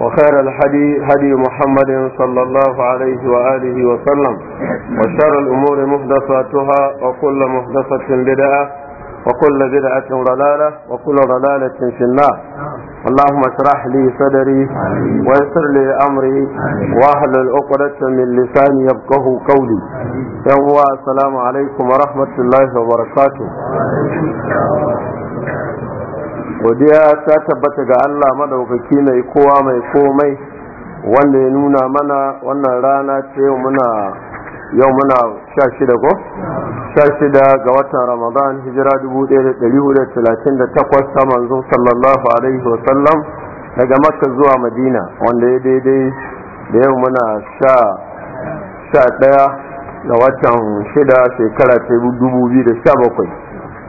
وخير الهدي هدي محمد صلى الله عليه وآله وسلم وشر الأمور محدثاتها وكل محدثة بدعة وكل بدعة ضلالة وكل ضلالة في النار اللهم اشرح لي صدري ويسر لي أمري واحلل عقدة من لساني يفقه قولي يوم السلام عليكم ورحمة الله وبركاته godiya ta tabbata ga Allah madaukaki ne kowa mai komai wanda ya nuna mana wannan rana ce muna yau muna sha shida ko? sha shida ga watan ramadan hijira 1438 ta manzo sallallahu alaihi wasallam daga makka zuwa madina wanda ya daidai da yau muna sha sha daya ga watan shida shekara ta 2017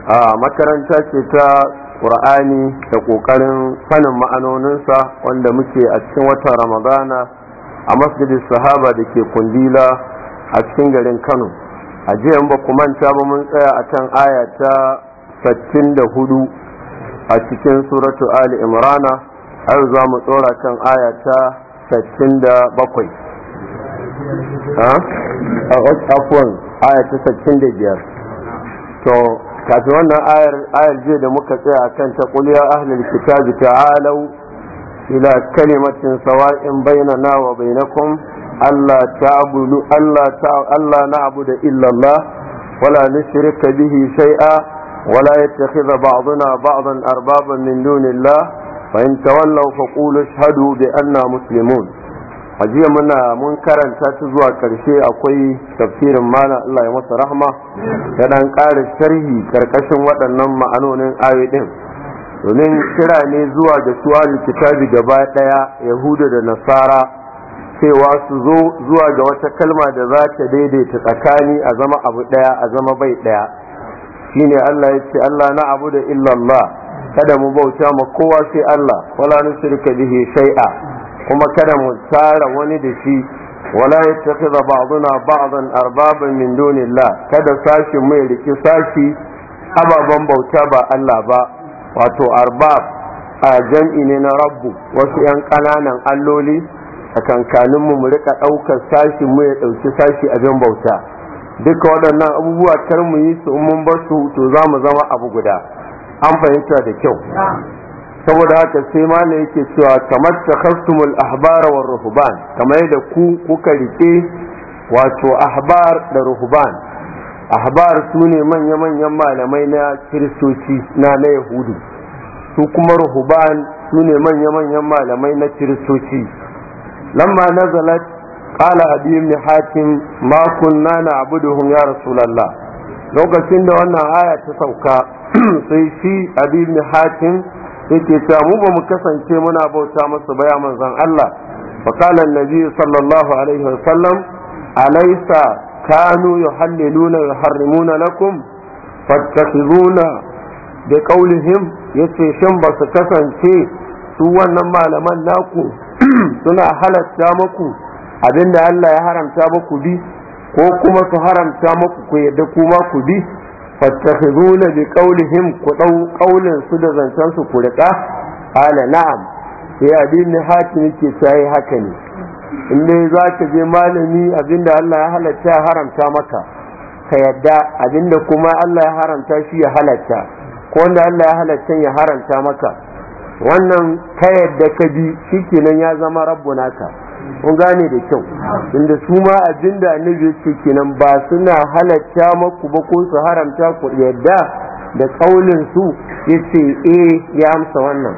a makaranta ce ta alkur'ani da kokarin sanin ma'anoninsa wanda muke a cikin watan ramadana a masjidin sahaba da ke kundila a cikin garin kano a jiya ba ku manta ba mun tsaya a kan aya ta 64 a cikin suratu ali imrana har za mu tsora kan aya ta 67 a afwan aya ta 65 to kafin wannan ayar ayar jiya da muka tsaya a kan ta qul ya ahlul kitabi ta'alu ila kalimatin sawa'in bainana wa bainakum allah ta'budu alla alla na'budu illa wala nushrika bihi shay'a ولا يتخذ بعضنا بعضا أربابا من دون الله فإن تولوا فقولوا اشهدوا بأننا مسلمون a jiya muna mun karanta ta zuwa karshe akwai tafsirin mana Allah ya masa rahma ya dan ƙara sharhi karkashin waɗannan ma'anonin ayoyi din domin kira ne zuwa da su kitabi gaba ɗaya yahuda da nasara cewa su zo zuwa ga wata kalma da za ta daidaita tsakani a zama abu ɗaya a zama bai ɗaya shine Allah ya ce Allah na abu da illallah kada mu bauta ma kowa sai Allah wala nushirka bihi shay'a kuma kada mu tsara wani da shi wala yattakhidha ba'duna ba'dan arbaba min dunillah kada sashi mu riki sashi ababan bauta ba Allah ba wato arbab a jam'i ne na rabbu wasu yan kananan alloli a kankanin mu rika daukar sashi mu ya dauki sashi abin bauta duka waɗannan abubuwa kar mu yi su mun su, to za mu zama abu guda an fahimta da kyau saboda haka sai malam yake cewa kamar ta takhastumul ahbara war ruhban kamar yadda ku kuka rike wato ahbar da ruhban ahbar su ne manya-manyan malamai na kiristoci na na yahudu su kuma ruhban su ne manya-manyan malamai na kiristoci lamma nazalat qala abi ibn hatim ma kunna na'buduhum ya rasulullah lokacin da wannan aya ta sauka sai shi abi ibn hatim yake ta mu ba mu kasance muna bauta masa baya ya manzon Allah fa qala annabi sallallahu alaihi wasallam alaysa kanu yuhalliluna yuharrimuna lakum fattakhizuna bi qawlihim yace shin ba su kasance su wannan malaman naku suna halatta muku abinda Allah ya haramta muku bi ko kuma su haramta muku ku yadda kuma ku bi fattakhiduna bi qawlihim ku dau qawlin su da zancen su ku rika? ala na'am sai addini hakimi ke sai haka ne in dai za ka je malami abinda Allah ya halatta ya haramta maka ka yadda abinda kuma Allah ya haramta shi ya halatta ko wanda Allah ya halatta ya haramta maka wannan ka yadda ka bi shikenan ya zama rabbu naka kun gane da kyau inda su ma abin da annabi yake kenan ba suna halatta maku ba ko su haramta ku yadda da kaulin su yace eh ya amsa wannan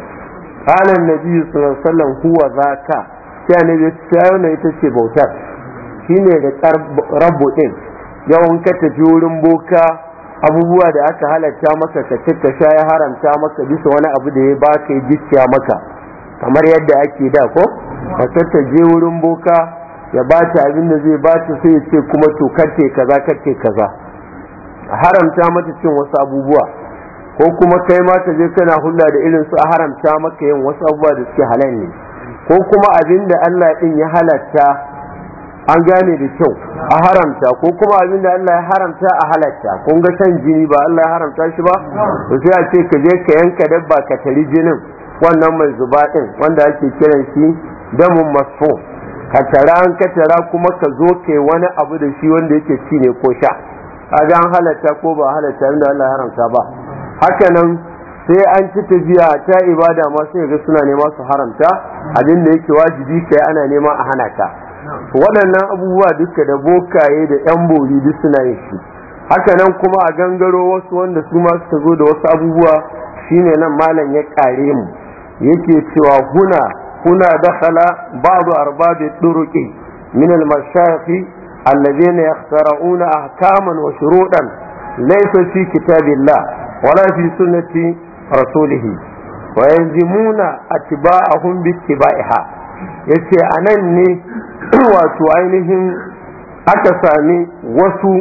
qala annabi sallallahu alaihi wasallam huwa zaka sai annabi ya wannan ita ce bautar shine da rabbu din yawan ka ta wurin boka abubuwa da aka halatta maka ka cika sha ya haramta maka bisa wani abu da ya baka ya gicciya maka kamar yadda ake da ko matar ta je wurin boka ya ba ta abin da zai ba ta sai ya ce kuma to karte kaza karte kaza a haramta mata cin wasu abubuwa ko kuma kai ma ta je kana hulla da irin su a haramta maka yin wasu abubuwa da suke halal ne ko kuma abin da Allah din ya halatta an gane da kyau a haramta ko kuma abin da Allah ya haramta a halatta kun ga san jini ba Allah ya haramta shi ba to sai a ce ka je ka yanka dabba ka tari jinin wannan mai zuba ɗin, wanda ake kiran shi damun masfo ka tara an ka tara kuma ka zo kai wani abu da shi wanda yake ci ne ko sha kaga an halatta ko ba halatta inda Allah haramta ba haka nan sai an ci tafiya ta ibada ma sai ga suna nema su haramta abin da yake wajibi kai ana nema a hana ta waɗannan abubuwa duka da bokaye da yan bori duk suna yin shi haka nan kuma a gangaro wasu wanda su ma suka zo da wasu abubuwa shine nan malam ya kare mu yake cewa huna huna dakhala ba'du arbabi turuqi min al-mashayikh alladhina yakhtarauna ahkaman wa shurutan laysa fi kitabillah wala fi sunnati rasulih wa yanzimuna atba'ahum bi tibaiha yace anan ne wato ainihin aka sami wasu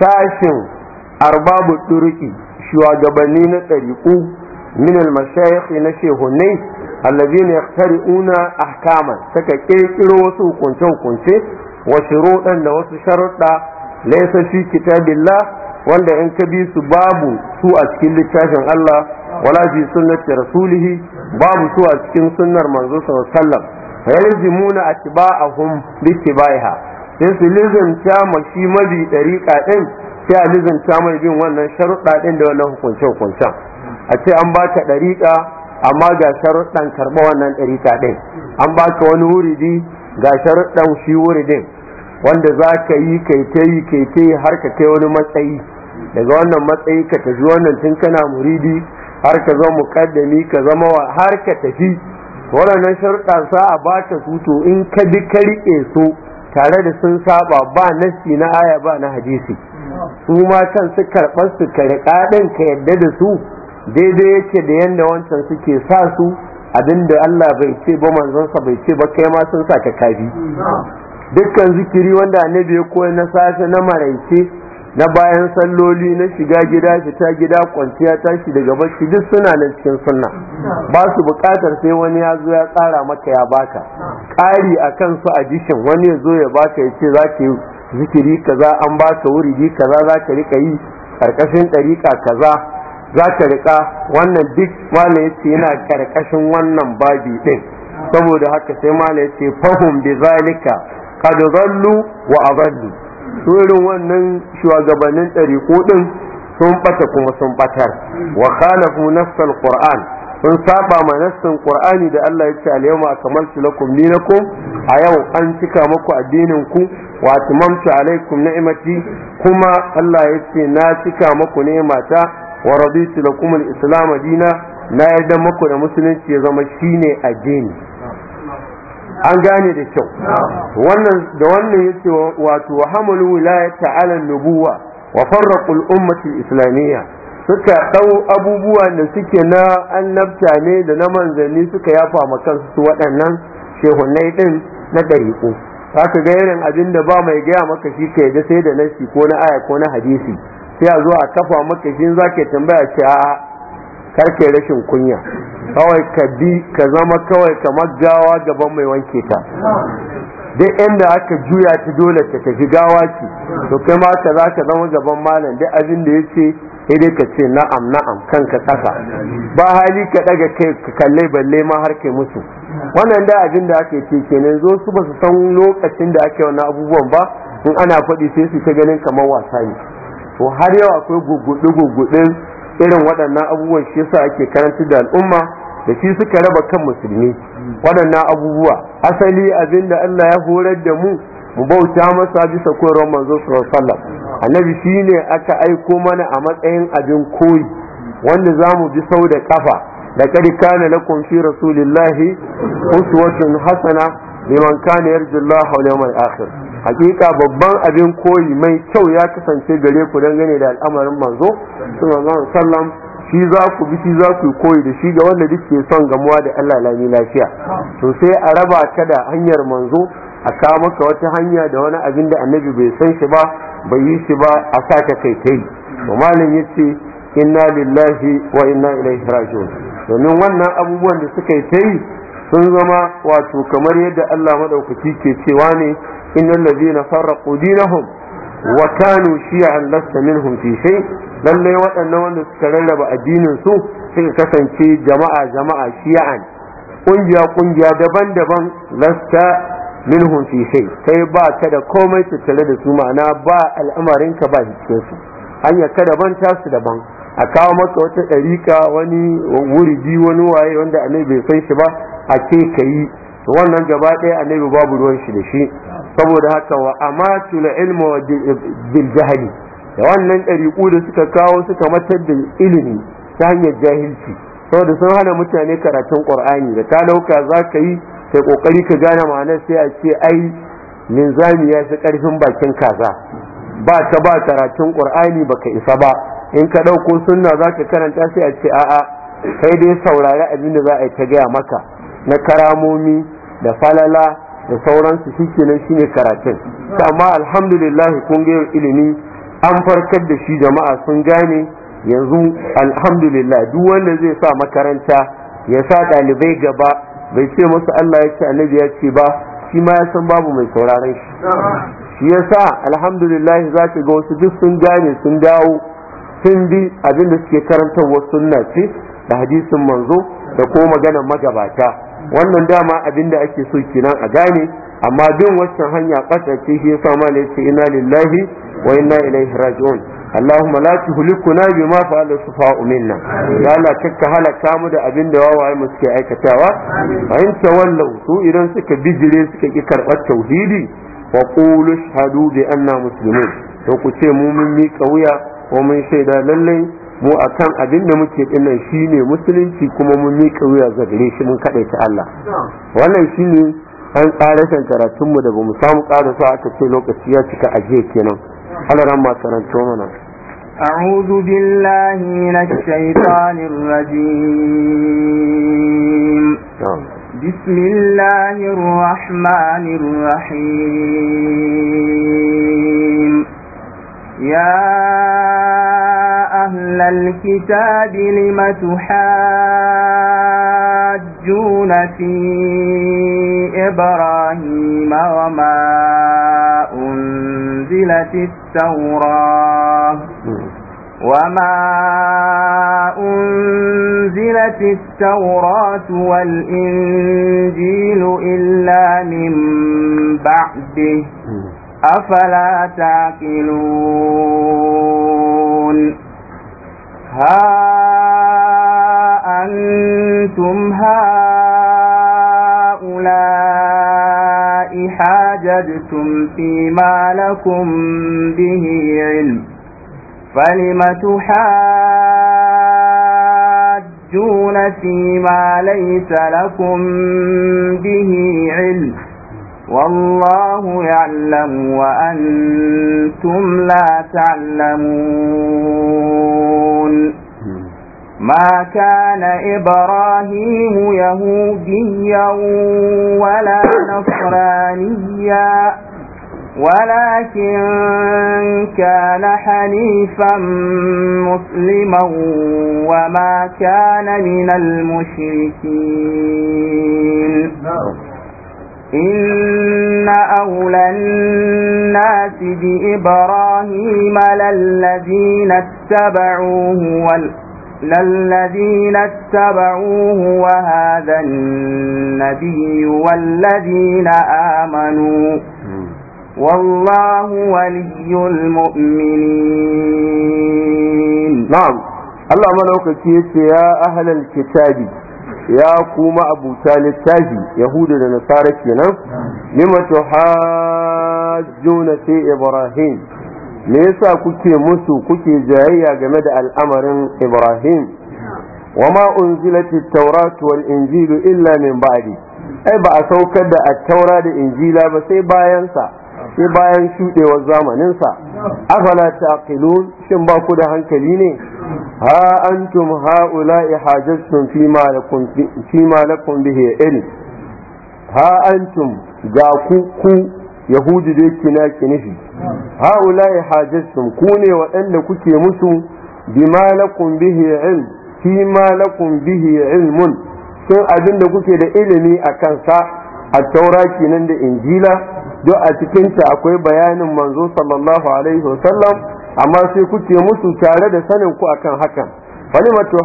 sashin arbabu turuqi shugabanni na ɗariƙu min al-mashayikh na shehunai allazina yaqtari'una ahkaman saka kirkiro wasu hukunce hukunce wa shuruɗan da wasu sharuɗa laysa fi kitabillah wanda in ka bi su babu su a cikin littafin Allah wala fi sunnati rasulihi babu su a cikin sunnar manzo sallallahu alaihi wasallam yalzimuna atba'ahum bi tibaiha sai su lizanta mashi mabi dariqa din sai a lizanta mai bin wannan sharuɗa ɗin da wannan hukunce hukuncen a ce an ba ka ɗariƙa amma ga sharuɗan karɓa wannan ɗariƙa ɗin an ba ka wani wuridi ga sharuɗan shi wuridin wanda za ka yi kai ta yi kai yi har ka kai wani matsayi daga wannan matsayi ka tafi wannan tun kana muridi har ka zama muƙaddami ka zama wa har ka tafi waɗannan sharuɗa sa a ba su to in ka bi ka riƙe su tare da sun saba ba nasi na aya ba na hadisi su ma kan su karɓar su ka riƙa ɗin ka yadda da su daidai yake da yadda wancan suke sa su abinda Allah bai ce ba manzansa bai ce ba kai ma sun sa ka kafi dukkan zikiri wanda annabi ya koyi na safe na maraice na bayan salloli na shiga gida fita gida kwanciya tashi daga bacci duk suna nan cikin sunna ba su bukatar sai wani ya zo ya tsara maka ya baka ƙari a kan su a jishin wani ya zo ya baka ya ce za ka yi zikiri kaza an baka wuri kaza za ka rika yi ƙarƙashin ɗariƙa kaza za ka riƙa wannan duk ya ce yana karkashin wannan babi din saboda haka sai mala ce fahum bi zalika kad zallu wa adallu su irin wannan shugabannin ko ɗin sun ɓata kuma sun ɓatar wa khalafu nafsal qur'an sun saba ma nassin qur'ani da Allah ya ce al akmaltu lakum dinakum a yau an cika muku addinin ku wa atmamtu alaikum ni'mati kuma Allah ya ce na cika muku ni'mata wa raditu lakum al-islam dina na yarda muku da musulunci ya zama shine addini an gane da kyau wannan da wannan yace wato wa hamalu wilayata ala nubuwa wa farraqu al-ummati islamiyya suka dau abubuwan da suke na annabta ne da na manzanni suka yafa maka su waɗannan shehunai din na Za ka ga irin abin da ba mai gaya maka shi ka yadda sai da nasi ko na aya ko na hadisi sai a zo a kafa maka shi za ka tambaya ce a karke rashin kunya kawai ka bi ka zama kawai kamar gawa gaban mai wanke ta duk inda aka juya ta dole ta tafi gawa ce to kai ma ka za ka zama gaban malam duk abin da ya ce sai dai ka ce na'am na'am kan ka kasa ba hali ka daga kai ka kalle balle ma har kai musu wannan da abin da aka ce kenan zo su ba su san lokacin da ake wani abubuwan ba in ana faɗi sai su ta ganin kamar wasa ne to har yau akwai guguɗe guguɗe irin waɗannan abubuwan shi yasa ake karantar da al'umma da shi suka raba kan musulmi waɗannan abubuwa asali abin da Allah ya horar da mu mu bauta masa bisa koyarwar manzo sallallahu alaihi annabi shine aka aiko mana a matsayin abin koyi wanda za mu bi sau da kafa da kadi kana lakum fi rasulillahi uswatun hasana liman kana yarjullaha wal yawmal akhir hakika babban abin koyi mai kyau ya kasance gare ku don gane da al'amarin manzo sallallahu sallam shi za ku bi shi za ku koyi da shi ga wanda duk son gamuwa da Allah lami lafiya to sai a raba ka da hanyar manzo a kawo maka wata hanya da wani abin da annabi bai san shi ba bai yi shi ba a sa ka kai kai to malam yace inna lillahi wa inna ilaihi raji'un domin wannan abubuwan da suka yi ta yi sun zama wato kamar yadda Allah madaukaki ke cewa ne إن الذين فرقوا دينهم وكانوا شيعا لست منهم في شيء lallai waɗannan wanda suka rarraba addinin su suka kasance jama'a jama'a shi'an ƙungiya ƙungiya daban-daban lasta minhum fi shay kai ba ka da komai tattare da su ma'ana ba al'amarinka ba cikin su hanya ka daban ta su daban a kawo maka wata ɗarika wani wuridi wani waye wanda annabi bai san shi ba a ke ka yi wannan gaba ɗaya annabi babu ruwan shi da shi saboda haka wa amatul ilmi wa bil jahili da wannan dariku da suka kawo suka matar da ilimi ta hanyar jahilci saboda sun hana mutane karatun ƙur'ani da ta lauka za yi sai ƙoƙari ka gane ma'anar sai a ce ai linzami ya fi ƙarfin bakin kaza ba ta ba karatun ƙur'ani baka isa ba in ka ɗauko sunna zaka karanta sai a ce a'a sai dai saurari abin da za a yi ta gaya maka na karamomi da falala da sauransu shi kenan shi ne karatun amma alhamdulillah kun ilimi an farkar da shi jama'a sun gane yanzu alhamdulillah duk wanda zai sa makaranta ya sa ɗalibai gaba bai ce musu Allah ya ce annabi ya ce ba shi ma ya san babu mai sauraron shi shi ya sa alhamdulillah za ka ga wasu duk sun gane sun dawo sun bi abin da suke karantarwa sunna ce da hadisin manzo da ko maganar magabata wannan dama abin da ake so kenan a gane amma bin waccan hanya ce shi yasa ma ne ce inna lillahi wa inna ilaihi raji'un اللهم لا تهلكنا بما فعل السفهاء minna. يا الله كك هلك mu da abin da wawaye mu suke aikatawa fa in tawallu su idan suka bijire suka ki karbar tauhidi wa qulu shahadu bi anna muslimun to ku ce mu mun mi kauya ko mun shaida lallai mu a kan abin da muke dinnan shine musulunci kuma mun miƙa wuya ga gare shi mun kaɗai ta Allah wannan shine an tsara shan karatun mu da bamu samu ƙara sa aka ce lokaci ya cika aje kenan Allah ran karanto mana أعوذ بالله من الشيطان الرجيم بسم الله الرحمن الرحيم يا أهل الكتاب لم تحاجون في إبراهيم وما أنزلت التوراة وما أنزلت التوراة والإنجيل إلا من بعده أفلا تعقلون ها أنتم هؤلاء حاججتم فيما لكم به علم فلم تحاجون فيما ليس لكم به علم والله يعلم وأنتم لا تعلمون ما كان إبراهيم يهوديا ولا نصرانيا ولكن كان حنيفا مسلما وما كان من المشركين نعم. إن أولى الناس بإبراهيم للذين اتبعوه وال... للذين اتبعوه وهذا النبي والذين آمنوا والله ولي المؤمنين نعم الله ملوك يا أهل الكتاب ya kuma abuta littafi yahudu da nasara kenan lima tuhajjuna fi ibrahim me yasa kuke musu kuke jayayya game da al'amarin ibrahim wama unzilat at-tauratu wal injilu illa min ba'di ai ba a saukar da at-taura da injila ba sai bayan sa sai bayan shuɗewar zamaninsa afala taqilun shin ba ku da hankali ne ha antum haula'i hajjatun fi ma lakum fi ma lakum bihi ilm ha antum ga ku ku yahudi da yake na ki nufi haula'i hajjatun ku ne waɗanda kuke musu ma lakum bihi ilm fi ma lakum bihi ilmun sun abin da kuke da ilimi a kansa a taurakin nan da injila duk a cikinta akwai bayanin manzo sallallahu alaihi wasallam amma sai kuke musu tare da sanin ku akan hakan wani mato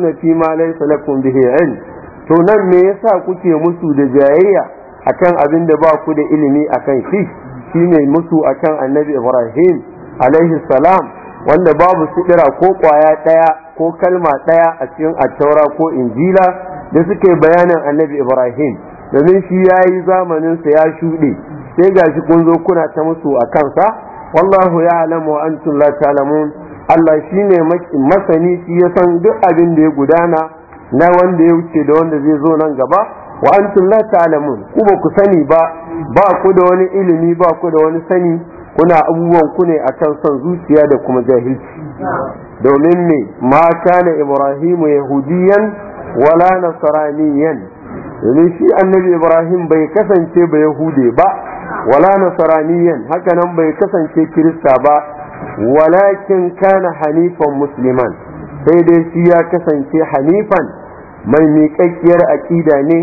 na fi ma laisa lakum bihi ilm to nan me yasa kuke musu da jayayya akan abin da ba ku da ilimi akan shi shine musu akan annabi ibrahim alaihi salam wanda babu sidira ko kwaya daya ko kalma daya a cikin attaura ko injila da suke bayanin annabi ibrahim domin shi ya yi zamaninsa ya shuɗe sai ga shi kun zo kuna ta musu a kansa wallahu ya alamu an antum ta'lamun Allah shi ne masani shi ya san duk abin da ya gudana na wanda ya wuce da wanda zai zo nan gaba wa an la ta'lamun ku ba ku sani ba ba ku da wani ilimi ba ku da wani sani kuna abubuwan ku ne a kan son zuciya da kuma jahilci domin me ma kana ibrahimu yahudiyan wala nasraniyan domin shi annabi ibrahim bai kasance ba yahude ba wala nasaraniyan haka nan bai kasance kirista ba walakin kana hanifan musliman sai dai shi ya kasance hanifan mai miƙaƙƙiyar aƙida ne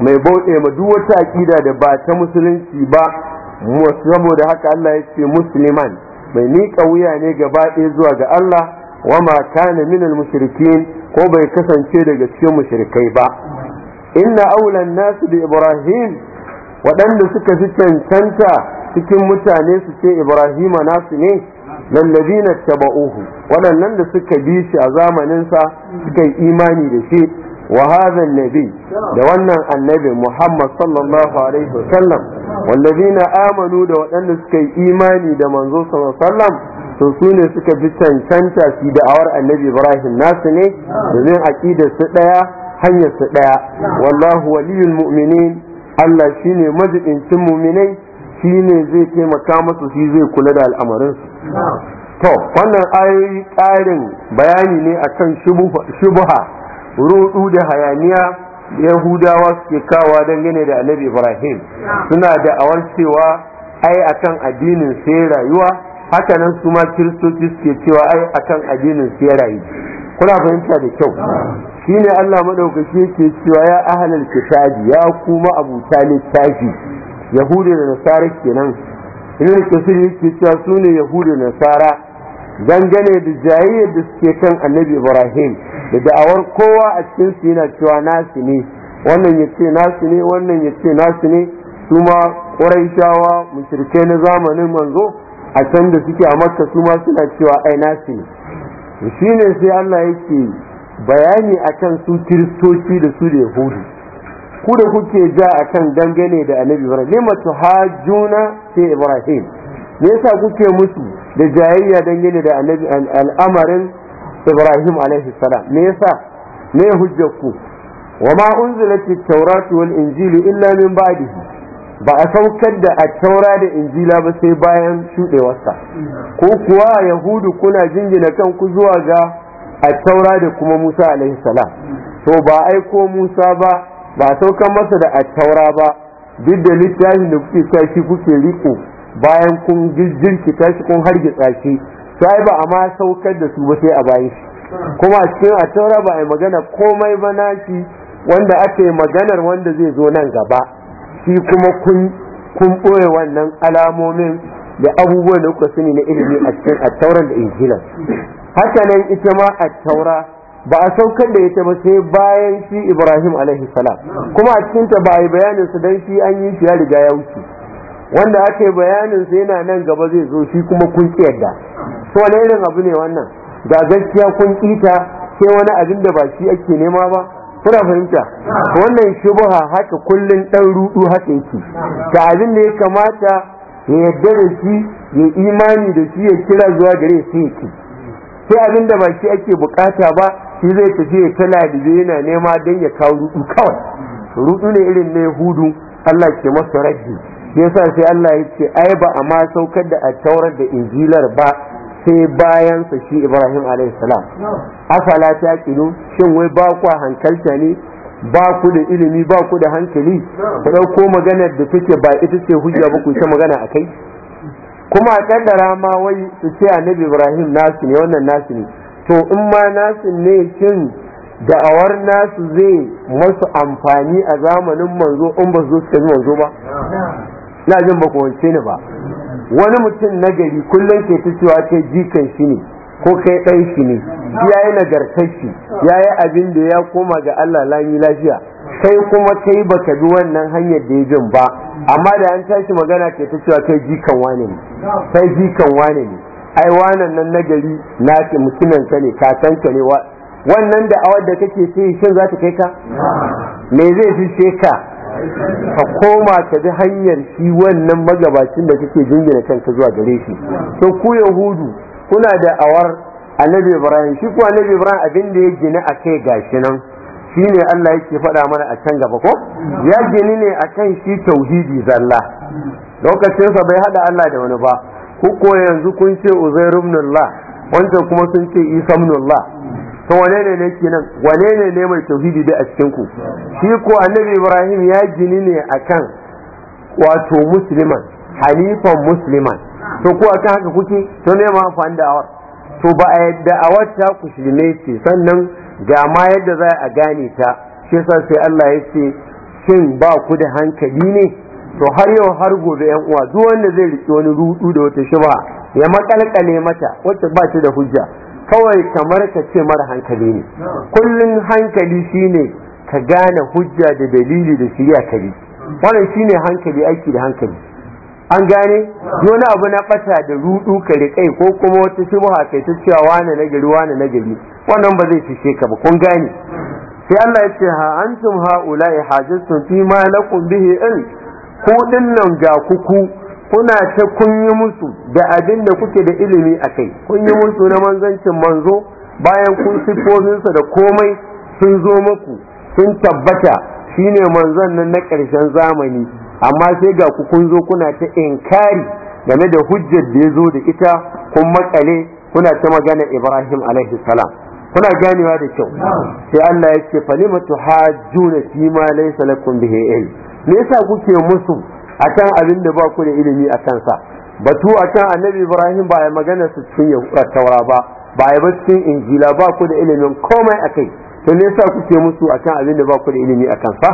mai bauɗe ma duk wata aƙida da ba ta musulunci ba saboda haka Allah ya ce musliman mai miƙa wuya ne gaba ɗaya zuwa ga Allah wa ma kana minal mushrikin ko bai kasance daga cikin mushrikai ba inna aulan nasu da ibrahim waɗanda suka fi cancanta cikin mutane su ce ibrahima nasu ne lallazina taba'uhu waɗannan da suka bi shi a zamaninsa suka yi imani da shi wa nabi da wannan annabi muhammad sallallahu alaihi wasallam wallazina amanu da waɗanda suka yi imani da manzo sallallahu to su ne suka fi cancanta su da'awar annabi ibrahim nasu ne domin aƙidar su ɗaya hanyar ɗaya daya wallahu waliyul mu'minin Allah shine majibincin mu'minai shine zai taimaka musu shi zai kula da al'amarin su to wannan ayoyi ƙarin bayani ne akan shubuha rudu da hayaniya yahudawa suke kawa dangane da annabi ibrahim suna da awarcewa cewa ai akan addinin sai rayuwa haka nan su ma kiristoci suke cewa ai akan addinin sai rayu kuna fahimta da kyau shine Allah madaukaki yake cewa ya ahlal kitabi ya kuma abuta littafi yahudi da nasara kenan ibn kasir yake cewa sune yahudi da nasara dangane da jayayyar da suke kan annabi ibrahim da da'awar kowa a cikin su yana cewa nasu ne wannan ya ce nasu ne wannan ya ce nasu ne su ma shawa, mushrikai na zamanin manzo a can da suke a makka su ma suna cewa ai nasu ne shine sai Allah yake bayani akan su kiristoci da su da yahudu ku da kuke ja akan dangane da annabi ibrahim lima tuhajjuna fi ibrahim me yasa kuke musu da jayayya dangane da annabi al'amarin ibrahim alaihi salam me yasa me hujjar ku wa ma unzilat at wal injili illa min ba'dihi ba a saukar da a taura da injila ba sai bayan shudewarsa ko kuwa yahudu kuna jingina kanku zuwa ga a taura da kuma musa alaihi salam to ba aiko musa ba ba saukan masa da a taura ba duk da littafin da kuke sa kuke riko bayan kun jirkita shi kun hargitsa shi sai ba a ma saukar da su ba sai a bayan shi kuma a cikin a taura ba a yi magana komai ba na shi wanda aka yi maganar wanda zai zo nan gaba shi kuma kun kun ɓoye wannan alamomin da abubuwan da kuka sani na ilimi a cikin attauran da injilan haka nan ita ma taura, ba a saukar da ita ba sai bayan shi ibrahim alaihi salam kuma a cikin ta ba a yi bayanin sa dan shi an yi shi ya riga ya wuce wanda aka yi bayanin sa yana nan gaba zai zo shi kuma kun kiyarda yadda to wani irin abu ne wannan ga gaskiya kun kita sai wani abin da ba shi ake nema ba kuna fahimta wannan shubha haka kullun dan rudu haka yake ga abin da ya kamata ya yadda da shi ya imani da shi ya kira zuwa gare su yake sai abin da ba shi ake bukata ba shi zai tafi ya tana da yana nema don ya kawo rudu kawai rudu ne irin na yahudu Allah ke masa ya yasa sai Allah ya ce ai ba a ma saukar da a taurar da injilar ba sai bayansa shi Ibrahim alaihi salam afala ta shin wai ba kwa hankalta ne ba ku da ilimi ba ku da hankali ku ɗauko maganar da take ba ita ce hujja ba ku ta magana a kai kuma a kaddara ma wai su ce annabi ibrahim nasu ne wannan nasu ne to in ma nasu ne kin da'awar nasu zai masu amfani a zamanin manzo in ba su suka yi manzo ba na jin ba ku wance ni ba wani mutum nagari kullum ke ta cewa jikan shi ne ko kai ɗan shi ne ya yi yayi ya yi abin da ya koma ga Allah lami lafiya kai kuma kai baka bi wannan hanyar da ya jin ba amma da an tashi magana ke ta cewa kai jikan wane ne kai jikan wane ne ai wannan nan nagari na ce mutumin ka ne kakan ka ne wannan da awar da kake sai shin za ta kai ka me zai fi ka ka koma ka bi hanyar shi wannan magabacin da kake jingina kanka zuwa gare shi to ku yahudu kuna da awar annabi ibrahim shi ko annabi ibrahim abin da ya gina a kai gashi nan shine Allah yake faɗa mana a can gaba ko ya gini ne akan shi tauhidi zalla lokacin sa bai hada Allah da wani ba ku ko yanzu kun ce uzairu ibn Allah wanda kuma sun ce isa ibn to wane ne ne kenan wane ne ne mai tauhidi da a cikin ku shi ko annabi ibrahim ya gini ne akan wato musliman halifan musliman to ko akan haka kuke to ne ma amfani da awar to ba a yadda awar ta ku shirme ce sannan ga ma yadda za a gane ta shi yasa sai Allah ya ce shin ba ku da hankali ne to har yau har gobe yan uwa duk wanda zai riƙe wani rudu da wata shubha ya makalkale mata wacce ba ta da hujja kawai kamar ka ce mara hankali ne kullun hankali shine ka gane hujja da dalili da shirya kari wannan shine hankali aiki da hankali an gane wani abu na bata da rudu ka kai ko kuma wata shubha kai ta cewa wane na gari wane na gari wannan ba zai shi ka ba kun gane sai Allah ya ce ha antum ula'i hajjatun fi ma lakum bihi in ku dinnan ga kuku kuna ta kun yi musu da abin da kuke da ilimi a kai kun yi musu na manzancin manzo bayan kun sifofinsa da komai sun zo muku sun tabbata shine manzon nan na ƙarshen zamani amma sai ga ku kun zo kuna ta inkari game da hujjar da ya zo da ita kun makale kuna ta magana Ibrahim alaihi salam kuna ganewa da kyau sai Allah ya ce falima hajjuna fi ma laysa lakum bihi ilm me yasa kuke musu akan abin da ba ku da ilimi a kansa batu akan annabi Ibrahim ba ya magana su cikin taura ba ba ya cikin injila ba ku da ilimin komai akai to me yasa kuke musu akan abin da ba ku da ilimi a kansa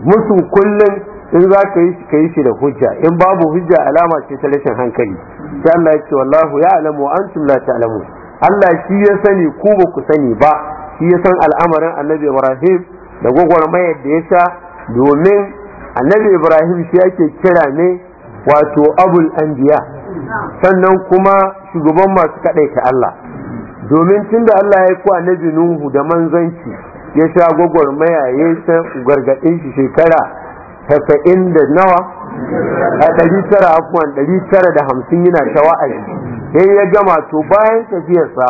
musu kullum in za ka yi shi ka yi shi da hujja in babu hujja alama ce ta rashin hankali sai Allah ya ce wallahu ya alamu wa antum la ta'lamu Allah shi ya sani ku ba ku sani ba shi ya san al'amarin Annabi Ibrahim da gwagwarmayar da ya sa domin Annabi Ibrahim shi ake kira ne wato abul anbiya sannan kuma shugaban masu kaɗaita Allah domin tunda Allah ya ku Annabi Nuhu da manzanci ya sha gwagwarmaya ya san gargadin shi shekara tasa'in da nawa a ɗari tara afuwan ɗari tara da hamsin yana ta wa'azi sai ya gama to bayan tafiyarsa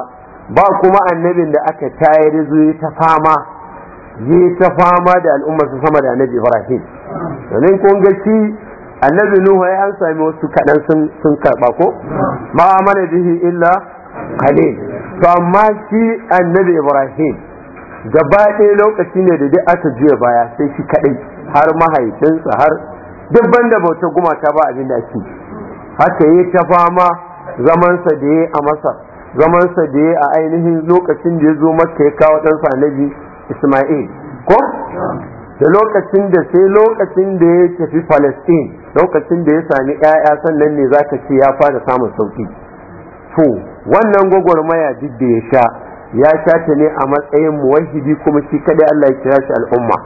ba kuma annabin da aka tayar zuwa ta fama yi ta fama da al'ummar su sama da annabi ibrahim domin kun ga shi annabi nuhu ya an sami wasu kaɗan sun karɓa ko ma mana bihi illa qalil to amma shi annabi ibrahim gaba ɗaya lokaci ne da duk aka juya baya sai shi kaɗai har mahaifinsa har duk banda bautar ta ba abin da ake haka yi ta fama zamansa da ya a masar zamansa da ya a ainihin lokacin da ya zo maka ya kawo ɗansa annabi isma'il ko da lokacin da sai lokacin da ya tafi palestine lokacin da ya sami 'ya'ya sannan ne za ka ce ya fara samun sauki to wannan gwagwarmaya duk da ya sha ya sha ta ne a matsayin muwahidi kuma shi kaɗai Allah ya kira shi al'umma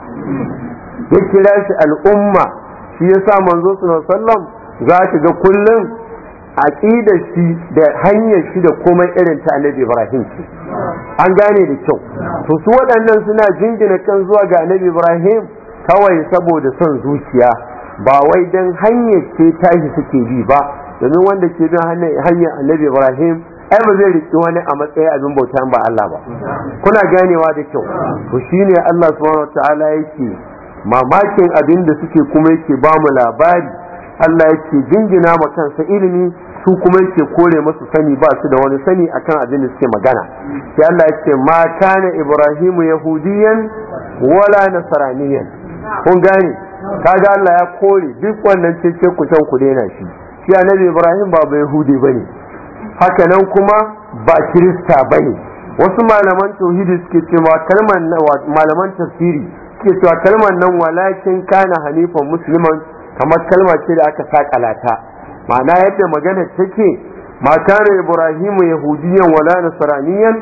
ya kira shi al'umma shi ya sa manzo su sallam za ki ga kullum aqidar shi da hanyar shi da kuma irin ta annabi ibrahim ce an gane da kyau to su waɗannan suna jingina kan zuwa ga annabi ibrahim kawai saboda son zuciya ba wai don hanyar ce tashi suke bi ba domin wanda ke bin hanyar annabi ibrahim ai ba zai riƙe wani a matsayin abin bauta ba Allah ba kuna ganewa da kyau to shine Allah subhanahu ta'ala yake mamakin abin da suke kuma yake ba mu labari Allah yake jingina ma kansa ilimi su kuma yake kore masu sani ba su da wani sani akan abin da suke magana sai Allah yake ma kana Ibrahimu yahudiyan wala nasraniyan kun gane kaga Allah ya kore duk wannan cece kucen ku daina shi shi annabi Ibrahim ba yahudi bane haka nan kuma ba kirista bane wasu malaman tauhidi suke cewa kalmar malaman tafsiri suke cewa kalmar nan walakin kana hanifan musulman kamar kalma ce da aka sakalata ma'ana yadda magana take ma kana ibrahimu yahudiyan wala nasraniyan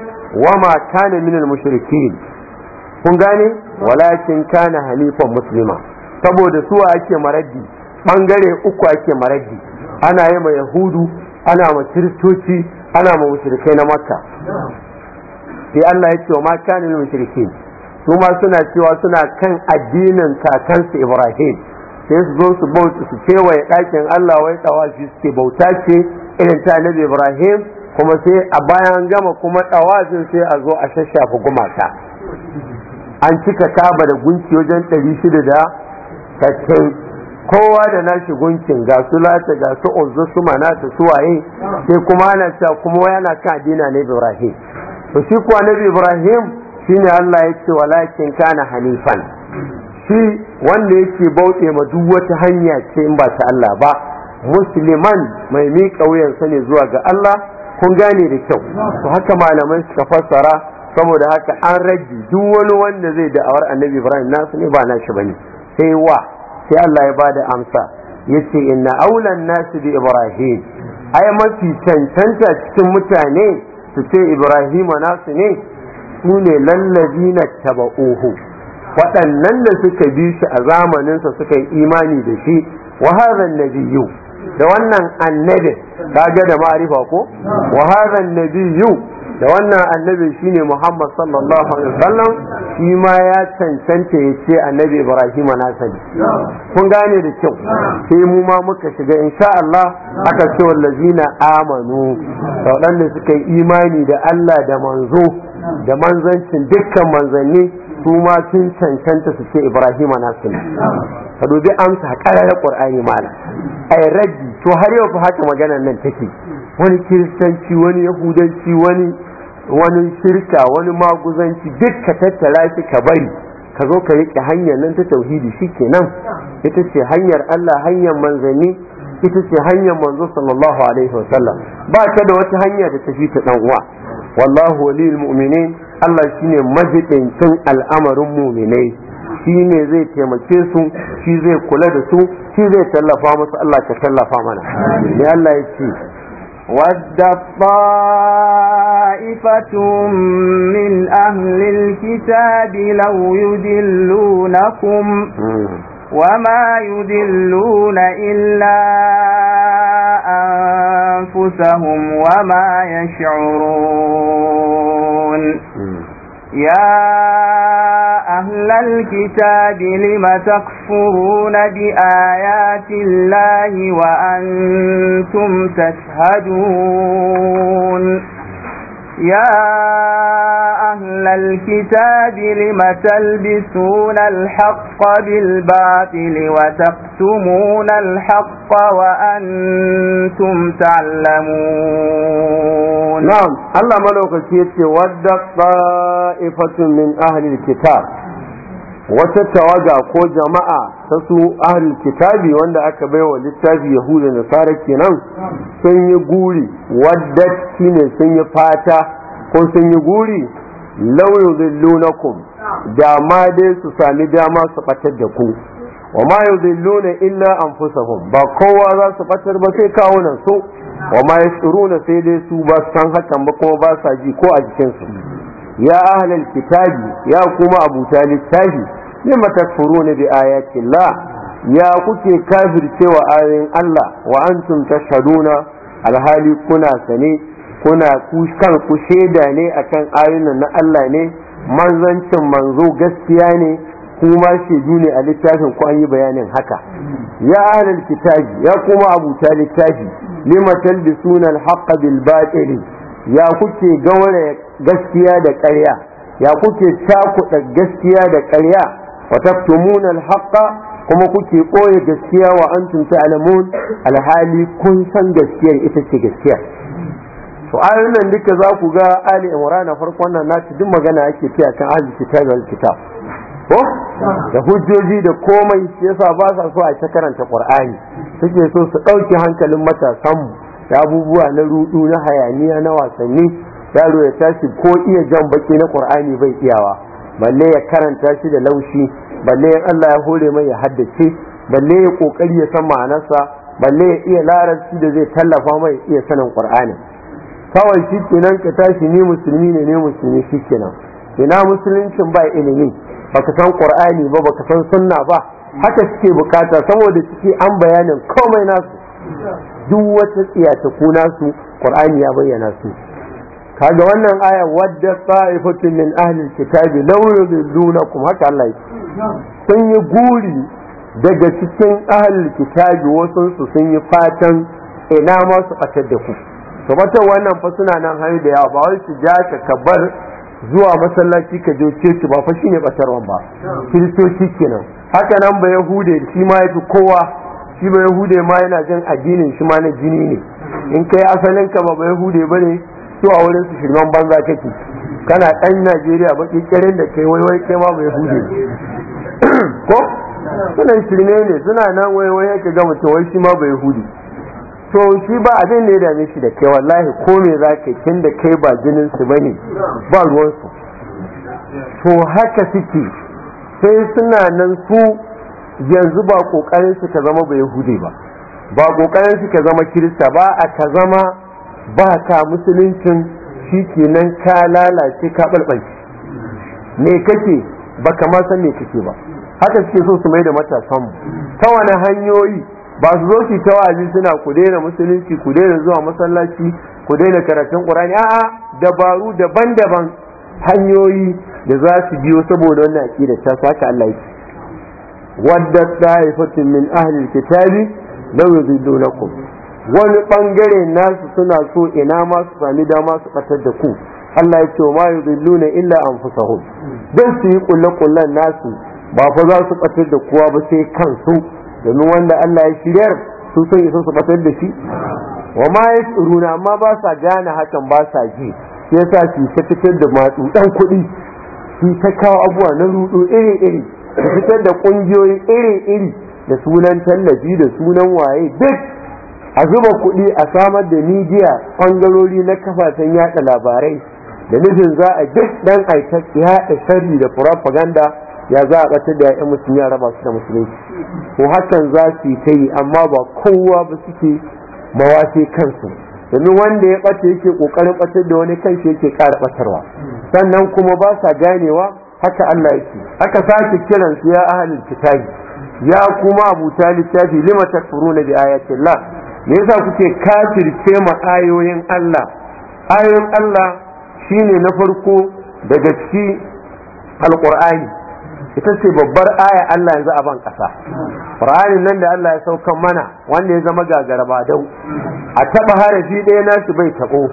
wa ma kana minal mushrikin kun gane walakin kana hanifan muslima saboda suwa ake maraddi bangare uku ake maraddi ana yi ma yahudu ana ma kiristoci ana ma mushrikai na makka sai Allah ya ce wa ma kana minal mushrikin su ma suna cewa suna kan addinin kakansu ibrahim sai su zo su bauta su kewaye ɗakin allah wai tawafi suke bauta ce irin ta nabi ibrahim kuma sai a bayan gama kuma tawafin sai a zo a shashafa gumaka an cika kaba da gunki wajen ɗari shida da kowa da nashi gunkin ga su lata ga su uzzu su manata su waye sai kuma ana cewa kuma yana kan addina na ibrahim to shi kuwa nabi ibrahim shine Allah ya ce walakin kana hanifan shi wanda yake bauɗe ma duk wata hanya ce in ba ta Allah ba musliman mai miƙa wuyansa ne zuwa ga Allah kun gane da kyau to haka malamai suka fassara saboda haka an rage duk wani wanda zai da'awar annabi Ibrahim nasu ne ba nashi bane sai wa sai Allah ya bada amsa yace inna aulan nasu bi Ibrahim ai mafi cancanta cikin mutane su ce Ibrahim nasu ne su ne na taba'uhu waɗannan da suka bi shi a zamaninsa suka yi imani da shi wa na biyu da wannan annabi kaga da ma'arifa ko wa na biyu da wannan annabi shine Muhammad sallallahu alaihi wasallam shi ma ya cancanta ya ce annabi Ibrahim na sani kun gane da kyau sai mu ma muka shiga insha Allah aka ce wallazina amanu da waɗanda suka yi imani da Allah da manzo da manzancin dukkan manzanni su ma sun cancanta su ce ibrahima na ne. ka dubi amsa karar qur'ani mala ai raddi to har yau fa haka maganar nan take wani kiristanci wani yahudanci wani wani shirka wani maguzanci duk ka tattara shi ka bari ka zo ka riƙe hanyar nan ta tauhidi shikenan ita ce hanyar Allah hanyar manzanni ita ce hanyar manzo sallallahu alaihi wasallam ba ta da wata hanya da tafi ta dan uwa wallahu waliyul mu'minin Allah shine majidincin al'amarin mu'minai shi ne zai taimake su shi zai kula da su shi zai tallafa musu Allah ka tallafa mana ya Allah ya ce ود طائفة من أهل الكتاب لو يدلونكم وما يدلون إلا أنفسهم وما يشعرون يا أهل الكتاب لم تكفرون بآيات الله وأنتم تشهدون يا أهل الكتاب لم تلبسون الحق بالباطل وتقتمون الحق وأنتم تعلمون نعم الله ملوك السيد ودت طائفة من أهل الكتاب wata tawaga ko jama'a ta su ahlul kitabi wanda aka baiwa littafi yahuda da nasara kenan sun yi guri wadda shi ne sun yi fata ko sun yi guri zai luna da Dama dai su sami dama su batar da ku wa ma luna illa anfusahum ba kowa za su batar ba sai kawunan su wa ma na sai dai su ba san hakan ba kuma ba sa ji ko a jikinsu. ya ahlul kitabi ya kuma abuta littafi lima takfuruna bi ayati Allah ya kuke cewa ayoyin Allah wa antum tashhaduna alhali kuna sane kuna kan ku shaida ne akan ayoyin na Allah ne manzancin manzo gaskiya ne kuma shaidu ne a littafin ku an yi bayanin haka ya ahlul kitabi ya kuma abuta littafi lima talbisuna alhaqqa bil batil ya kuke gauraya gaskiya da ƙarya ya kuke cakuɗa gaskiya da ƙarya wa taktumuna kuma kuke ɓoye gaskiya wa antum ta'lamun alhali kun san gaskiyar ita ce gaskiya to ayoyin nan duka za ku ga ali na farkon nan naci duk magana ake fiya kan ahli kitabi wal kitab ko da hujjoji da komai shi yasa ba sa so a ta karanta qur'ani suke so su ɗauki hankalin matasan da abubuwa na rudu na hayaniya na wasanni yaro ya tashi ko iya jan baki na qur'ani bai iyawa balle ya karanta shi da laushi balle in Allah ya hore mai ya haddace balle ya kokari ya san ma'anarsa balle ya iya larabci da zai tallafa mai iya sanin qur'ani kawai shi kenan ka tashi ni musulmi ne ne musulmi shi kenan ina musuluncin ba ilimi baka san qur'ani ba baka san sunna ba haka suke bukata saboda suke an bayanin komai nasu duk wata ta kuna nasu qur'ani ya bayyana su kaga wannan aya wadda ta'ifatu min ahli kitabi law yudillunakum haka Allah sun yi guri daga cikin ahli kitabi wasu su sun yi fatan ina ma su fatar da ku to bata wannan fa suna nan hayu da yawa ba wai su ja ka kabar zuwa masallaci ka je ceci ba fa shine batarwan ba kiristoci kenan haka nan ba yahude shi ma yafi kowa shi ba yahude ma yana jin addinin shi ma na jini ne in kai asalin ka ba ba yahude bane su a wurin su shirman banza kake kana ɗan najeriya baki kirin da kai waiwai kai ma bai hude ko suna shirme ne suna nan waiwai yake ga mutum wai shi ma bai hude to shi ba abin da ya dame shi da kai wallahi ko me za ka kin da kai ba jinin su bane ba ruwan su to haka suke sai suna nan su yanzu ba kokarin su ka zama bai hude ba ba kokarin su ka zama kirista ba a ka zama ba ka musuluncin shikenan ka lalace ka balbalci me kake ba ma san me kake ba haka suke so su mai da matasan mu ta wani hanyoyi ba su zo su ta wa'azi suna ku daina musulunci ku daina zuwa masallaci ku daina karatun qur'ani a'a dabaru daban-daban hanyoyi da za su biyo saboda wannan aqida ta saka Allah yake wadda ta'ifatun min ahli alkitabi law yuzidunakum wani bangare nasu suna so ina ma su sami dama su batar da ku Allah ya ce ma yudilluna illa anfusahum dan su yi kullu kullan nasu ba fa za su batar da kowa ba sai kansu domin wanda Allah ya shiryar su sun isa su batar da shi wa ma yashuruna amma ba sa gane hakan ba sa ji sai yasa su ta fitar da matsu dan kuɗi su ta kawo abuwa na rudu iri iri su fitar da kungiyoyi iri iri da sunan tallafi da sunan waye duk a zuba kuɗi a samar da midiya ɓangarori na kafafen yaɗa labarai da nufin za a duk ɗan ya yaɗa sharri da propaganda ya za a ɓatar da ya'yan musulmi ya raba su da musulunci ko hakan za su ta yi amma ba kowa ba suke mawafi kansu domin wanda ya ɓata yake ƙoƙarin ɓatar da wani kanshi yake ƙara ɓatarwa sannan kuma ba sa ganewa haka Allah yake aka sake kiransu ya ahalin kitabi ya kuma abuta littafi lima takfuruna bi ayati Allah me yasa kuke kafirce ma ayoyin Allah ayoyin Allah shine na farko daga ciki alqur'ani ita ce babbar aya Allah yanzu a ban kasa qur'anin nan da Allah ya sauka mana wanda ya zama gagaraba dau a taba harafi ɗaya nashi bai tabo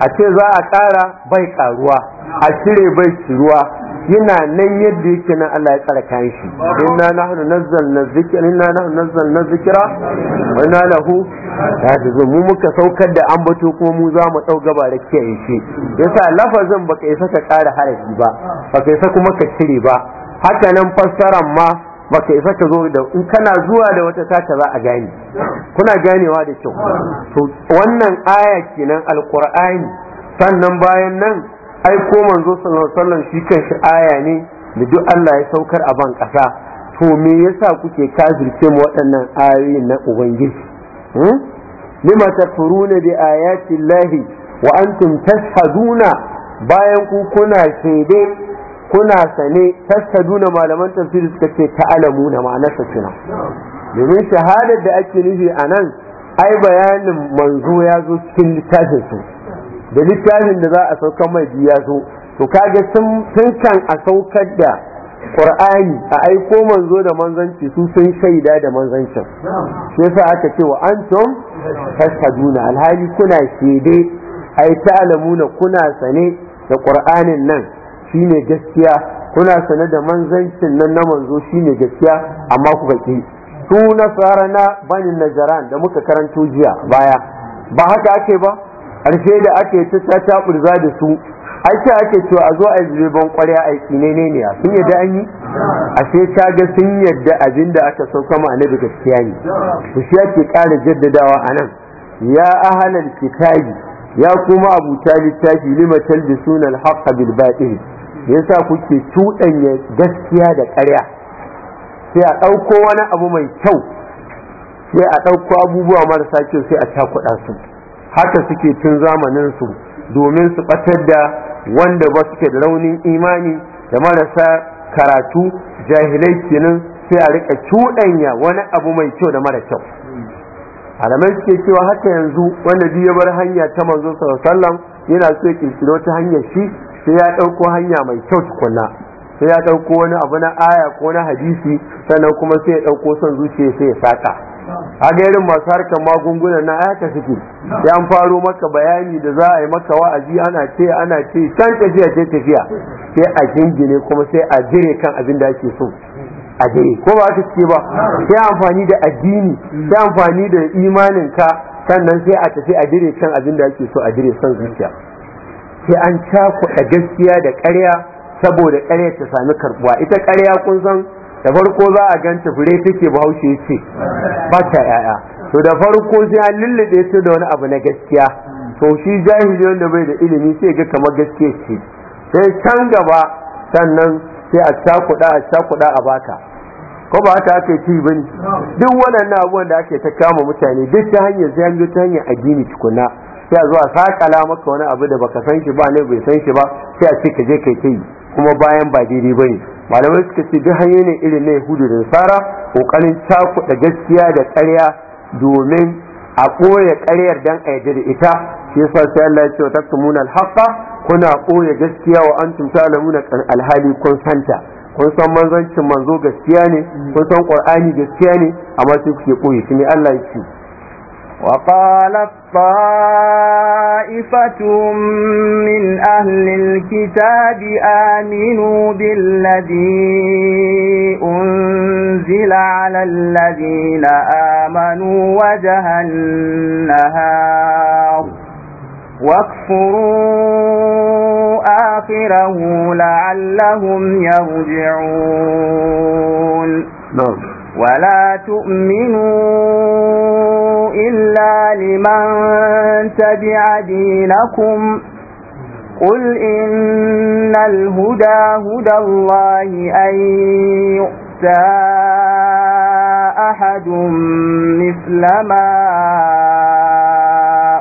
a ce za a ƙara bai ƙaruwa a cire bai ciruwa yana nan yadda yake na Allah ya tsara kayan shi inna nahnu nazzalna dhikra inna nahnu nazzalna dhikra wa inna lahu hafizun mu muka saukar da ambato kuma mu za mu dau gaba da kiyaye shi yasa lafazin baka isa ka ƙara harafi ba baka isa kuma ka cire ba haka nan fassaran ma baka isa ka zo da in kana zuwa da wata tata za a gane kuna ganewa da kyau to wannan aya kenan alqur'ani sannan bayan nan ai ko manzo sallallahu alaihi wasallam shi kanshi aya ne da duk Allah ya saukar a ban kasa to me yasa kuke kafirce mu waɗannan ayoyin na ubangiji hmm? lima tafuruna bi ayati llahi wa antum tashhaduna bayan ku kuna shaide kuna sane tashhaduna malaman tafsiri suka ce ta'alamuna na suna domin shahadar da ake nufi anan, ai bayanin manzo ya zo cikin littafin su da littafin da za a saukar mai biya zo to kaga sun kan a saukar da qur'ani a aiko manzo da manzanci su sun shaida da manzancin shi yasa aka ce wa antum tashhaduna alhali kuna shaide ai ta'lamuna kuna sane da qur'anin nan shine gaskiya kuna sane da manzancin nan na manzo shine gaskiya amma ku baki su nasara na banin najaran da muka karanto jiya baya ba haka ake ba ƙarshe da ake ta ta kurza da su ake ake cewa a zo a yi ban kwarya a yi ne ne sun yadda an yi ta ga sun yadda abin da aka sauka ma annabi gaskiya ne ku shi ake kara jaddadawa a nan ya ahalal kitabi ya kuma abuta littafi lima talbisuna sunan haqqa bil batil yasa kuke cuɗanya gaskiya da ƙarya sai a ɗauko wani abu mai kyau sai a ɗauko abubuwa marasa kyau sai a cakuɗa su haka suke tun zamanin su domin su batar da wanda ba suke da raunin imani da marasa karatu jahilai kenan sai a rika cuɗanya wani abu mai kyau da mara kyau alamai suke cewa haka yanzu wanda duk ya bar hanya ta manzo sallallahu alaihi wasallam yana so ya kirkiro ta hanyar shi sai ya ɗauko hanya mai kyau tukunna sai ya ɗauko wani abu na aya ko na hadisi sannan kuma sai ya ɗauko son zuciya sai ya saka a irin masu harkar magungunan na ka suke sai an faro maka bayani da za a yi maka wa'azi ana ce ana ce can tafiya ce tafiya sai a jingine kuma sai a jire kan abin da ake so a jire ko ba aka ce ba sai amfani da addini sai amfani da imaninka sannan sai a tafi a jire kan abin da ake so a jire son zuciya sai an cakuɗa gaskiya da ƙarya saboda ƙarya ta sami karbuwa ita ƙarya kun san da farko za a ganta fure take bahaushe ce ba ta yaya to da farko sai an lullube ta da wani abu na gaskiya to shi jahili wanda bai da ilimi sai ga kamar gaskiya ce sai can gaba sannan sai a cakuɗa a cakuɗa a baka ko ba haka ake ci bane duk waɗannan abubuwan da ake ta kama mutane duk ta hanyar sai an ta hanyar addini tukuna sai a zuwa sakala maka wani abu da baka san shi ba ne bai san shi ba sai a ce ka je kai kai kuma bayan ba daidai ba ne malamai suka ce duk ne irin na yahudu da nasara kokarin cakuɗa gaskiya da ƙarya domin a ɓoye ƙaryar dan a yadda da ita shi yasa sai Allah ya ce wa taktumuna alhaqa kuna ɓoye gaskiya wa antum ta'lamuna kan alhali kun santa kun san manzancin manzo gaskiya ne kun san qur'ani gaskiya ne amma sai kuke ɓoye shi ne Allah ya ce وقالت طائفة من أهل الكتاب آمنوا بالذي أنزل على الذين آمنوا وجه النهار واكفروا آخره لعلهم يرجعون نعم. ولا تؤمنوا إلا لمن تبع دينكم قل إن الهدى هدى الله أن يؤتى أحد مثل ما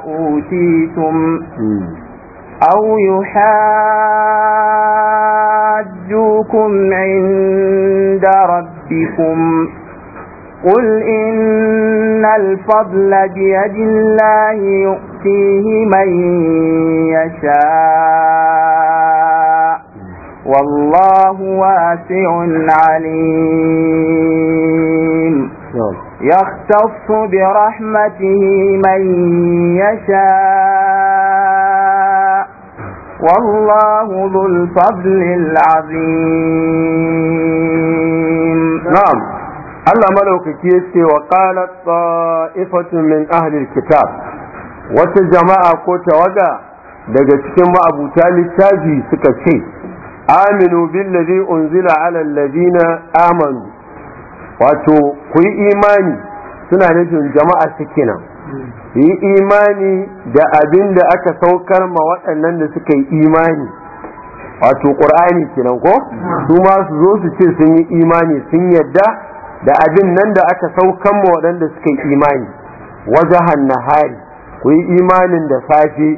أوتيتم أو يحاجوكم عند ربكم قل إن الفضل بيد الله يؤتيه من يشاء والله واسع عليم يختص برحمته من يشاء والله ذو الفضل العظيم نعم Allah malaukaki ya ce wa qalat ta'ifatun min ahli kitab wata jama'a ko tawaga daga cikin ma'abuta littafi suka ce aminu billazi unzila ala alladhina amanu wato ku yi imani suna nufin jama'a suke nan yi imani da abin da aka saukar ma waɗannan da suka yi imani wato ƙur'ani kenan ko su ma su zo su ce sun yi imani sun yadda da abin nan da aka saukan ma waɗanda suka yi imani wajahan nahari ku yi imanin da safe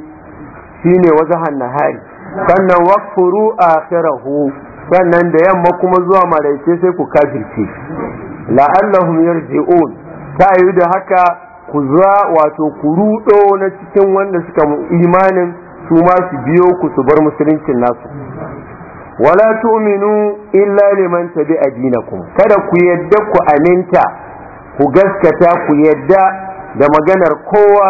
shine wajahan nahari sannan wakfuru akhirahu sannan da yamma kuma zuwa maraice sai ku kafirce la'allahum yarji'un ta yi da haka ku za wato ku rudo na cikin wanda suka imanin su ma su biyo ku su bar musuluncin nasu wala tu'minu illa liman tabi'a dinakum kada ku yadda ku aminta ku gaskata ku yadda da maganar kowa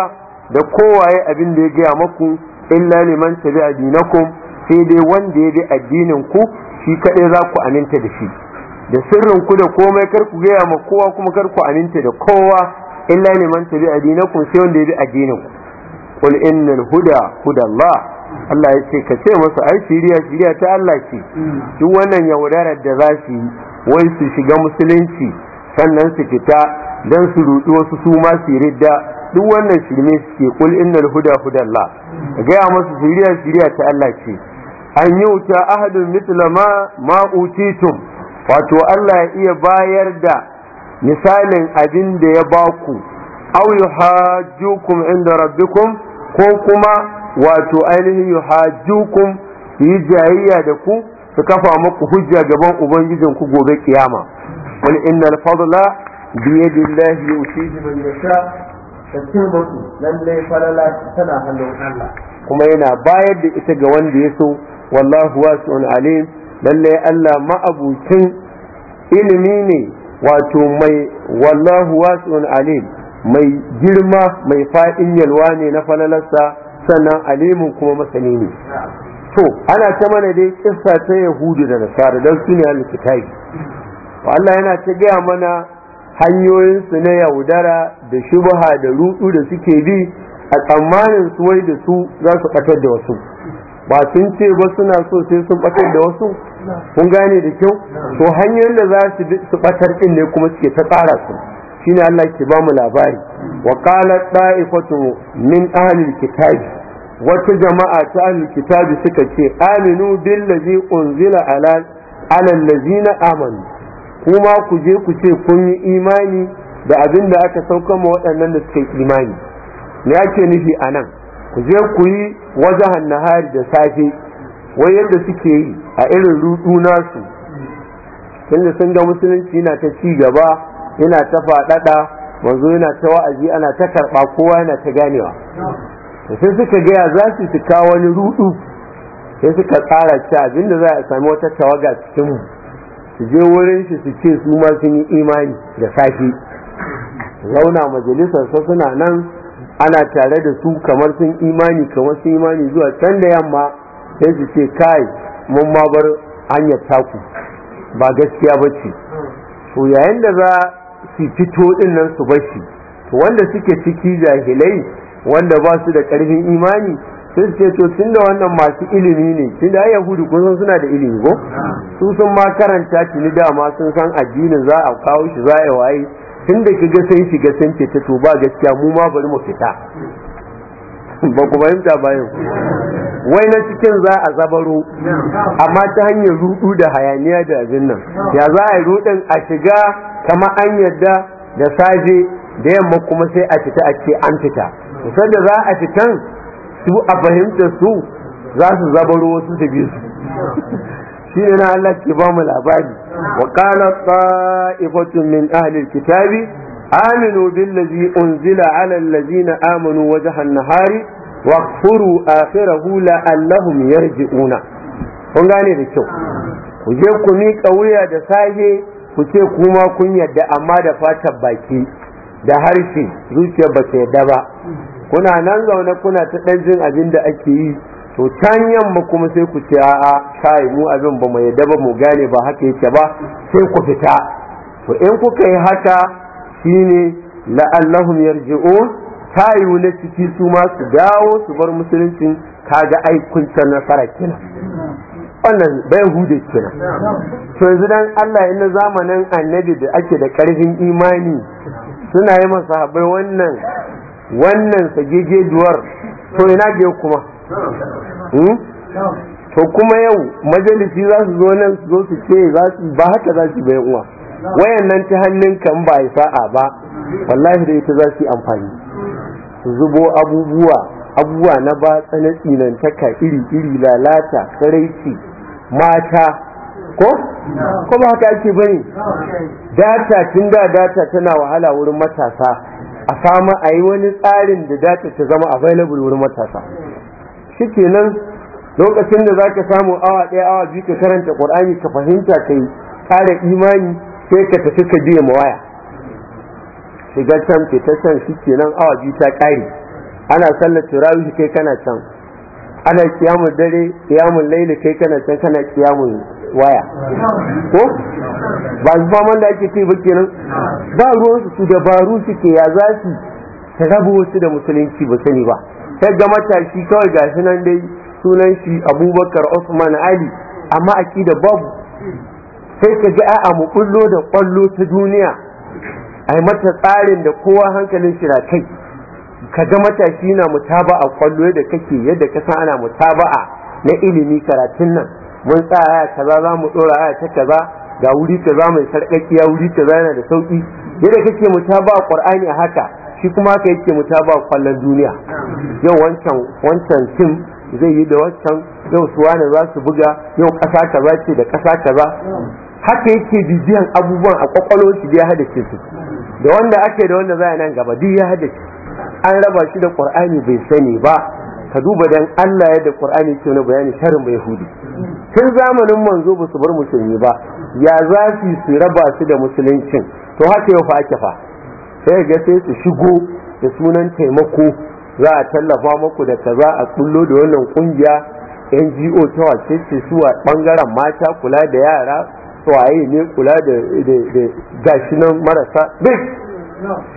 da kowaye abin da ya gaya maku illa liman tabi'a dinakum sai dai wanda ya bi addinin ku shi kadai za ku aminta da shi da sirrin ku da komai kar ku gaya ma kowa kuma kar ku aminta da kowa illa liman tabi'a dinakum sai wanda ya bi addinin ku qul innal huda hudallah Allah ya ce ka ce masu ai shiriya shiriya ta Allah ce duk wannan yaudarar da za su yi wai su shiga musulunci sannan su fita dan su rudu wasu su ma su ridda duk wannan shirme suke kul innal huda hudallah gaya masu shiriya shiriya ta Allah ce an yi wuta ahadun mitla ma ma wato Allah ya iya bayar da misalin abin da ya baku aw yuhajjukum inda rabbikum ko kuma wato ainihin yuhajjukum yi jayayya da ku su kafa muku hujja gaban ubangijin ku gobe kiyama wal innal fadla bi yadillahi yutihi man yasha kace musu lallai falala tana hannun Allah kuma yana bayar da ita ga wanda ya so wallahu wasi'un alim lalle Allah ma'abucin ilimi ne wato mai wallahu wasi'un alim mai girma mai fa'in yalwa ne na falalarsa sannan alimun kuma masani ne to ana ta mana dai kissa ta yahudu da nasara don su ne alkitabi Allah yana ta gaya mana hanyoyinsu na yaudara da shubha da rudu da suke bi a tsammanin su wai da su za su batar da wasu ba sun ce ba suna so sai sun batar da wasu kun gane da kyau to hanyoyin da za su ɓatar din ne kuma suke ta tsara su shine Allah ke ba mu labari wa qalat da'ifatu min ahli kitabi wata jama'a ta ahli kitabi suka ce aminu billazi unzila ala ala allazina amanu kuma ku je ku ce kun yi imani da abin da aka sauka ma waɗannan da suka yi imani me yake nufi anan ku je ku yi wajahan nahari da safe wai yadda suke yi a irin rudu nasu tunda sun ga musulunci na ta ci gaba yana ta faɗaɗa wanzu yana ta wa'azi ana ta karɓa kowa yana ta ganewa sai suka gaya za su su kawo wani rudu sai suka tsara ci abinda za a sami wata tawaga cikin mu su je wurin shi su ce su ma sun yi imani da safe zauna majalisar sa suna nan ana tare da su kamar sun imani kamar sun imani zuwa can da yamma sai su ce kai mun ma bar hanyar taku ba gaskiya ba ce to yayin da za su fito din nan su bashi to wanda suke ciki jahilai wanda ba su da karfin imani sai ce to tun da wannan masu ilimi ne tun da yahudu kusan suna da ilimi ko su sun ma karanta tuni dama sun san addinin za a kawo shi za a waye tun da kaga sai shiga sun ta to ba gaskiya mu ma bari mu fita ba ku fahimta bayan wai na cikin za a zabaro amma ta hanyar rudu da hayaniya da abin nan ya za a yi rudin a shiga kama an yadda da saje da yamma kuma sai a fita a ce an fita da za a fitan su a fahimta su za su zabaro wasu su bi su shi ne na Allah ke ba mu labari wa qala ta'ifatu min ahli kitabi aminu billazi unzila ala allazina amanu wajhan nahari واغفروا آخره لعلهم yarji'una kun gane da kyau ku je ku miƙa wuya da sahe ku ce kuma kun yadda amma da fatan baki da harshe zuciyar ba ta yadda ba kuna nan zaune kuna ta ɗan jin abin da ake yi to can yamma kuma sai ku ce a'a kai mu abin ba mu yadda ba mu gane ba haka yake ba sai ku fita to in kuka yi haka shine la'allahum yarji'un tayu na ciki su ma su dawo su bar musuluncin kaga ai kun nasara wannan bayan hude kenan to yanzu dan Allah ina zamanin annabi da ake da karfin imani suna yi masa bai wannan wannan sagegeduwar to ina ga kuma hmm? to kuma yau majalisi za su zo nan su zo su ce za su ba haka za su bayan uwa wayan nan ta hannun kan ba ya sa'a ba wallahi da ita za su yi amfani su zubo abubuwa abubuwa na ba tsanatsi nan iri iri lalata karaici mata ko ko ba haka ake bane data tun da data tana wahala wurin matasa a fama a yi wani tsarin da data ta zama available wurin matasa shi nan lokacin da zaka samu awa ɗaya awa biyu ka karanta ƙur'ani ka fahimta ka yi, kare imani sai ka tafi ka biya mawaya shiga can ke ta can nan awa biyu ta kare ana sallar shi kai kana can ana kiyamun dare kiyamun laili kai kana can kana kiyamun waya ko ba su faman da ake ce ba kenan ba ruwan su dabaru suke ya za su rabu wasu da musulunci ba sani ba sai ga matashi kawai ga shi nan dai sunan shi abubakar usman ali amma aki da babu sai ka ji a'a mu kullo da kwallo ta duniya ai mata tsarin da kowa hankalin shi na kai ka ga matashi na mutaba'a kwallo da kake yadda ka san ana mutaba'a na ilimi karatun nan mun tsaya aya kaza za mu dora aya ta kaza ga wuri ta kaza mai ya wuri kaza yana da sauki yadda kake mutaba'a qur'ani a haka shi kuma haka yake mutaba'a kwallon duniya yau wancan wancan tim zai yi da wancan yau suwane za su buga yau ƙasa kaza ce da ƙasa kaza haka yake bibiyan abubuwan a kwakwalwar shi ya hada su da wanda ake da wanda za nan gaba duk ya hada an raba shi da qur'ani bai sani ba ka duba dan Allah yadda qur'ani ke na bayani sharrin ba yahudi tun zamanin manzo ba su bar musulmi ba ya za su su raba su da musuluncin to haka ya fa ake fa sai ga sai su shigo da sunan taimako za a tallafa muku da kaza a kullo da wannan kungiya NGO ta wace ce su suwa bangaren mata kula da yara waye ne kula da gashi nan marasa duk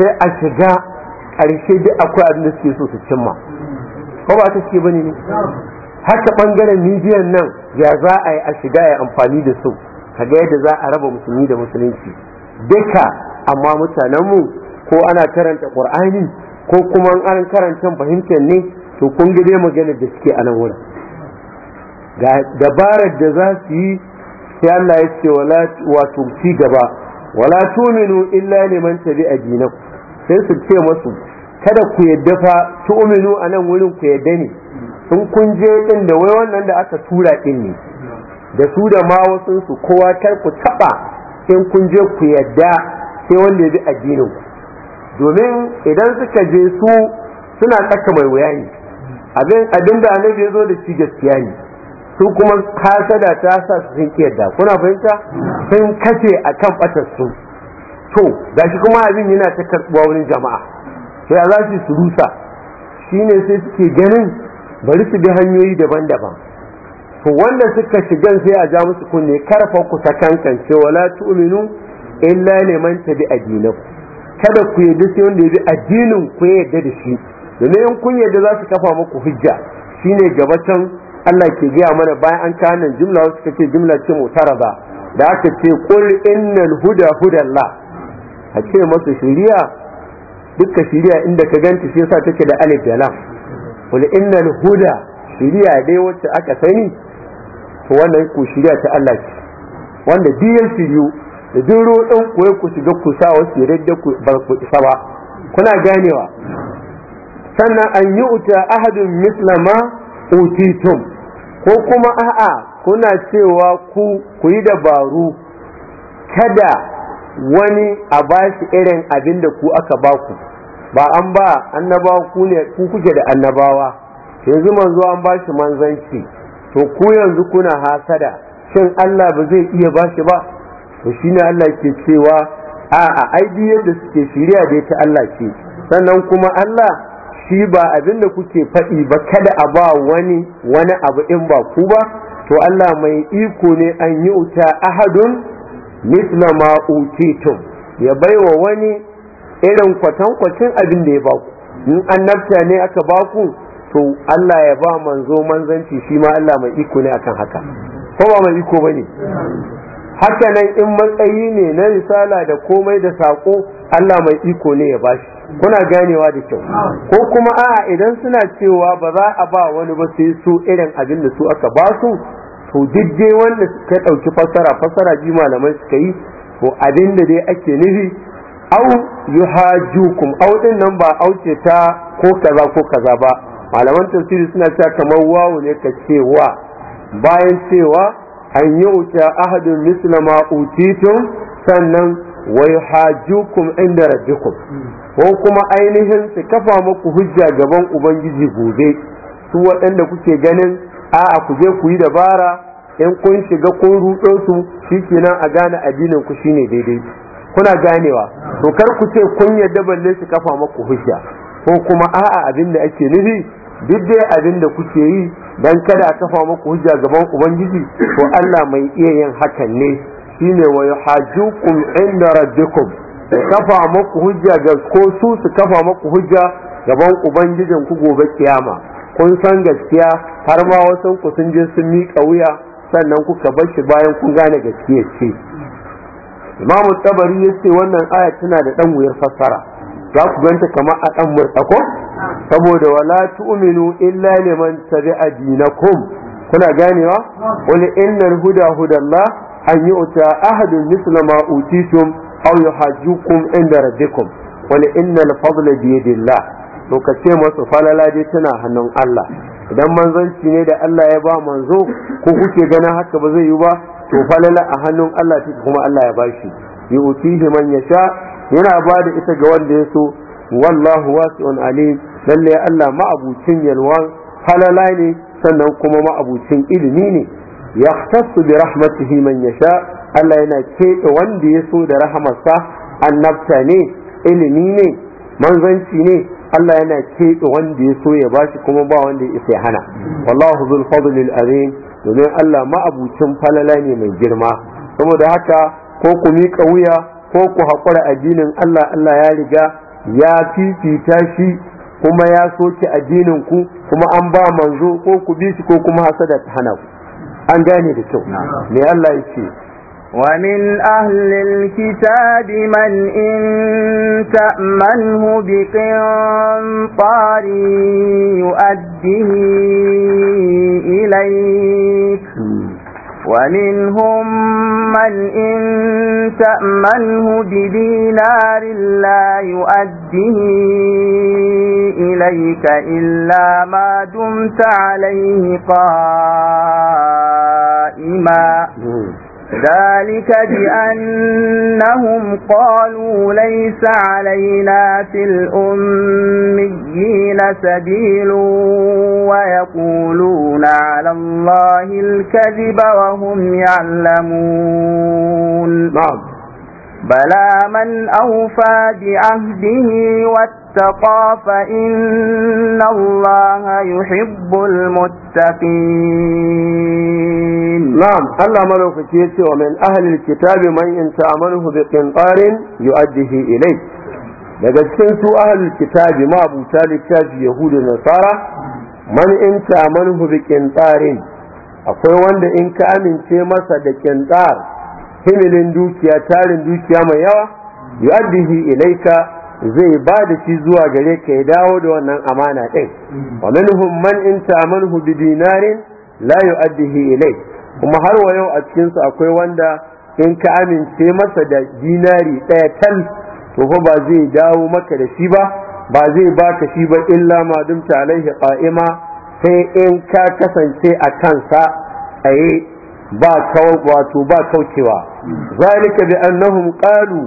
sai a shiga ƙarshe duk akwai abin da suke so su cimma ko ba ta ce bane ne haka bangaren midiyan nan ya za a yi a shiga ya amfani da su kaga yadda za a raba musulmi da musulunci duka amma mutanen mu ko ana karanta qur'ani ko kuma an karanta fahimtar ne to kun ga dai maganar da suke a nan wurin ga dabarar da za su yi sai Allah ya ce wala wato ci gaba wala tuminu illa liman tabi'a dinakum sai su ce masu kada ku yadda fa tu'minu a nan wurin ku yadda ne sun kunje je din da wai wannan da aka tura din ne da su da ma wasu su kowa kar ku taba in kun je ku yadda sai wanda ya bi addinin ku domin idan suka je su suna tsaka mai wuya ne abin abin da annabi zo da shi gaskiya ne su kuma hasada ta sa su sun yadda kuna fahimta sun kace akan batar su to gashi kuma abin yana ta karbuwa wani jama'a sai a za su rusa Shi ne sai suke ganin bari su bi hanyoyi daban-daban to wanda suka shigan sai a ja musu kunne karfa ku ta kankance wala tu'minu illa liman tabi adinaku kada ku yadda sai wanda ya bi addinin ku yadda da shi domin in kun yadda za su kafa maku hujja shine gabatan Allah ke gaya mana bayan an kawo jimla wasu suka ce jimla ce ba. da aka ce qul innal huda hudallah a ce masu shiriya duka shiriya inda ka ganta shi yasa take da alif da lam wal innal huda shiriya dai wacce aka sani to wannan ku shiriya ta Allah ce wanda diyan shiryu da duk roɗin ku ku shiga ku sa wasu yadda ku ba ku isa ba kuna ganewa sannan an yi uta ahadun mislama utitum ko kuma a'a kuna cewa ku ku yi dabaru kada wani a bashi irin abin da ku aka baku ba an ba annabawa ku ne ku kuke da annabawa yanzu manzo an ba shi manzanci to ku yanzu kuna hasada shin Allah ba zai iya bashi ba to shine Allah ke cewa a'a ai duk yadda suke shirya da ta Allah ce sannan kuma Allah shi ba abin da kuke faɗi ba kada a ba wani wani abu in ba ku ba to Allah mai iko ne an yi uta ahadun misla ma utitum ya baiwa wani irin kwatankwacin abin da ya baku in an annabta ne aka baku to Allah ya ba manzo manzanci shi ma Allah mai iko ne akan haka ko ba mai iko bane haka nan in matsayi ne na risala da komai da sako Allah mai iko ne ya bashi kuna ganewa da kyau ko kuma a'a idan suna cewa ba za a ba wani ba sai su irin abin da su aka ba su to duk wanda suka ɗauki fasara fasara ji malamai suka yi ko abin da dai ake nufi au yuhajukum au din nan ba auce ta ko kaza ko kaza ba malaman tafsiri suna cewa kamar wawu ne ka cewa bayan cewa an yi wuce ahadin misla utitum sannan wai hajukum inda rabbikum ko kuma ainihin su kafa muku hujja gaban ubangiji gobe su waɗanda kuke ganin a'a ku je ku yi dabara in kun shiga kun ruɗo su shikenan a gane addinin ku shine daidai kuna ganewa to kar ku ce kun yadda balle su kafa maku hujja ko kuma a'a abin da ake nufi duk dai abin da kuke yi dan kada a kafa maku hujja gaban ubangiji to Allah mai iya yin hakan ne shine wa yuhajjukum inda rabbikum kafa maku hujja ga ko su su kafa maku hujja gaban ubangijin ku gobe kiyama kun san gaskiya har ma wasu ku sun je sun miƙa wuya sannan kuka bar shi bayan kun gane gaskiya ce imam tabari ya ce wannan aya tana da dan wuyar fassara za ku ganta kamar a dan murtako saboda wala tu'minu illa liman tabi'a dinakum kuna ganewa wani innal huda hudallah an yu'ta ahadun mithla ma utitum aw yuhajjukum inda rabbikum wal innal fadla biyadillah to ka ce masu falala dai tana hannun Allah idan manzanci ne da Allah ya ba manzo ko kuke ganin haka ba zai yi ba to falala a hannun Allah take kuma Allah ya bashi yu'tihi man yasha yana ba da ita ga wanda ya so wallahu wasi'un alim lalle Allah ma'abucin yalwan falala ne sannan kuma ma'abucin ilimi ne yahtassu bi rahmatihi man yasha Allah yana keɓe wanda ya so da rahamarsa annabta ne ilimi ne manzanci ne Allah yana keɓe wanda ya so ya ba shi kuma ba wanda ya isa hana wallahu zul fadlil azim domin Allah ma'abucin falala ne mai girma saboda haka ko ku miƙa wuya ko ku haƙura addinin Allah Allah ya riga ya fifita shi kuma ya soke addinin ku kuma an ba manzo ko ku bi shi ko kuma hasada ta hana ku an gane da kyau me Allah yake ومن أهل الكتاب من إن تأمنه بقنطار يؤديه إليك ومنهم من إن تأمنه بدينار لا يؤديه إليك إلا ما دمت عليه قائما ذلك بأنهم قالوا ليس علينا في الأميين سبيل ويقولون على الله الكذب وهم يعلمون نعم. بلى من أوفى بعهده واتقى واتقى فإن الله يحب المتقين نعم الله ملوك كيتي ومن أهل الكتاب من إن تأمنه بقنطار يؤديه إليه daga cikin su ahlul kitabi ma abuta littafi yahudu nasara man in ta'amanu bi qintarin akwai wanda in ka amince masa da qintar himilin dukiya tarin dukiya mai yawa yu'addihi ilayka zai ba da shi zuwa gare ka ya dawo da wannan amana ɗin mm. wa minhum man in manhu bi dinarin la yu'addihi ilai kuma har wa yau a cikin su akwai wanda in ka amince masa da dinari ɗaya tal to fa ba zai dawo maka da shi ba ba zai baka shi ba illa ma dumta alaihi qa'ima sai in ka kasance a kansa tsaye ba wato ba kaucewa mm. zalika bi annahum qalu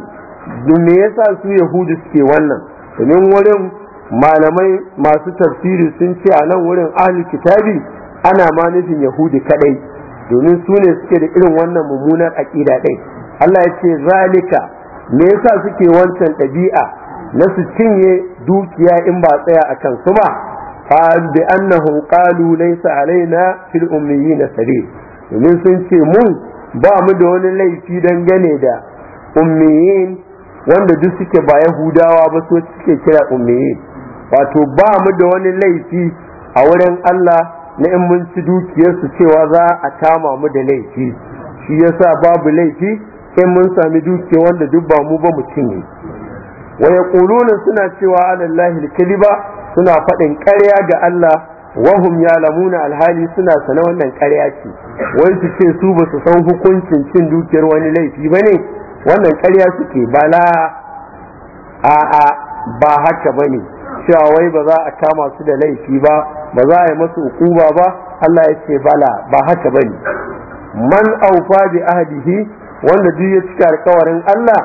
me yasa su yahudu suke wannan domin wurin malamai masu tafsiri sun ce a nan wurin ahli kitabi ana ma nufin yahudi kadai domin su ne suke da irin wannan mummunar aƙida ɗai Allah ya ce zalika me yasa suke wancan ɗabi'a na su cinye dukiya in ba tsaya a su ba bi بأنهم qalu na alaina fil الأميين sabil domin sun ce mun ba mu da wani laifi dangane da ummiyin wanda duk suke ba yahudawa ba so suke kira ummiye wato ba mu da wani laifi a wurin Allah na in mun ci dukiyarsu cewa za a kama mu da laifi shi yasa babu laifi sai mun sami dukiyar wanda duk ba mu ba mu cinye wa yaquluna suna cewa alallahi alkaliba suna faɗin ƙarya ga Allah wahum yalamuna alhali suna sana wannan ƙarya ce wai su ce su ba su san hukuncin cin dukiyar wani laifi ba ne wannan ƙarya suke bala a'a ba haka ba ne cewa wai ba za a kama su da laifi ba ba za a yi masu hukuma ba Allah ya ce bala ba haka ba ne man aufa bi ahdihi wanda duk ya cika alkawarin Allah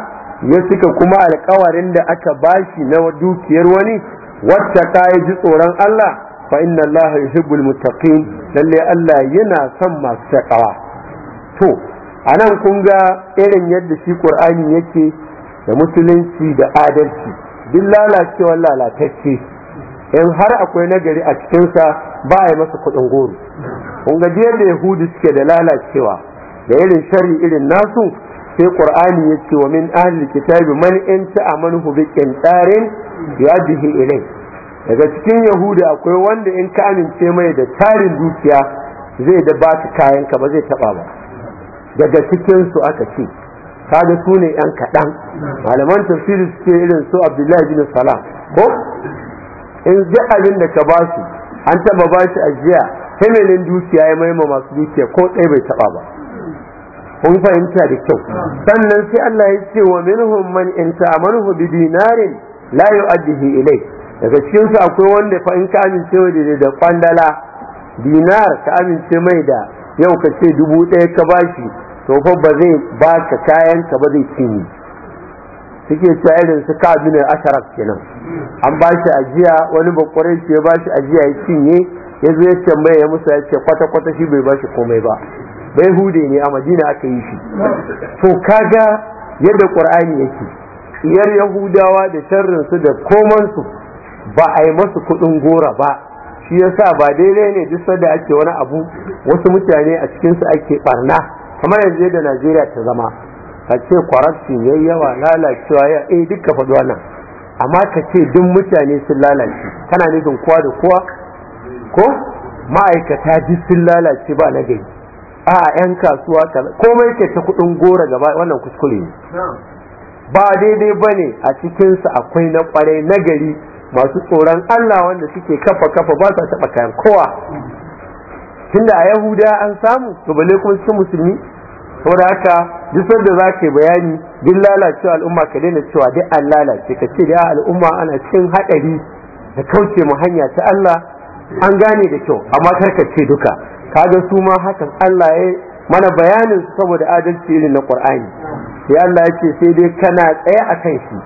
ya cika kuma alkawarin da aka bashi na dukiyar wani wacce ta yi ji tsoron Allah fa inna Allah yuhibbul muttaqin lalle Allah yana son masu takawa to a nan kun ga irin yadda shi ƙur'ani yake da musulunci da adalci duk lalacewar lalatacce in har akwai nagari a cikinsa ba a yi masa kuɗin goro kun ga da yahudu suke da lalacewa da irin shari irin nasu sai ƙur'ani ya ce wa min ahli kitabi man in ta'amanu tsarin ya yadihi ilai daga cikin yahudu akwai wanda in ka amince mai da tarin dukiya zai da ba kayan ka ba zai taba ba daga cikin su aka ce kaga su ne yan kaɗan malaman tafsiri suke irin su abdullahi bin salam ko in ji abin da ka basu an taba bashi ajiya hemelin dukiya ya maima masu dukiya ko ɗaya bai taba ba kun fahimta da kyau sannan sai Allah ya ce wa minhum man in ta'amalu bi dinarin la yu'addihi ilai daga cikin akwai wanda fa in ka amince da kwandala dinar ka amince mai da yau ka ce dubu ɗaya ka bashi to fa ba zai ba ka kayan ka ba zai cinye suke cewa irin su kabinar asharaf kenan an shi ajiya wani bakwarai ce ya shi ajiya ya cinye ya zo ya mai ya musa ya ce kwata-kwata shi bai ba shi komai ba bai hude ne a madina aka yi shi to kaga yadda qur'ani yake iyar yahudawa da sharrinsu da komansu ba a yi masu kuɗin gora ba shi yasa ba daidai ne duk sanda ake wani abu wasu mutane a cikinsu ake barna kamar yanzu da najeriya ta zama a ce corruption yayi yawa lalacewa ya eh duka faɗi wannan amma ka ce duk mutane sun lalace kana nufin kowa da kowa ko ma'aikata duk sun lalace ba na gari a yan kasuwa komai ke ta kuɗin gora gaba wannan kuskure ne ba daidai ba ne a cikinsu akwai na kwarai na masu tsoron Allah wanda suke kafa kafa ba sa taɓa kayan kowa tunda a yahuda an samu to bale kuma cikin musulmi saboda haka duk sanda za ka bayani duk lalacewa al'umma ka daina cewa duk an lalace ka ce da al'umma ana cin haɗari da kauce mu hanya ta Allah an gane da kyau amma karka ce duka kaga su ma hakan Allah ya mana bayanin saboda adalci irin na Qur'ani sai Allah ya ce sai dai kana tsaye akan shi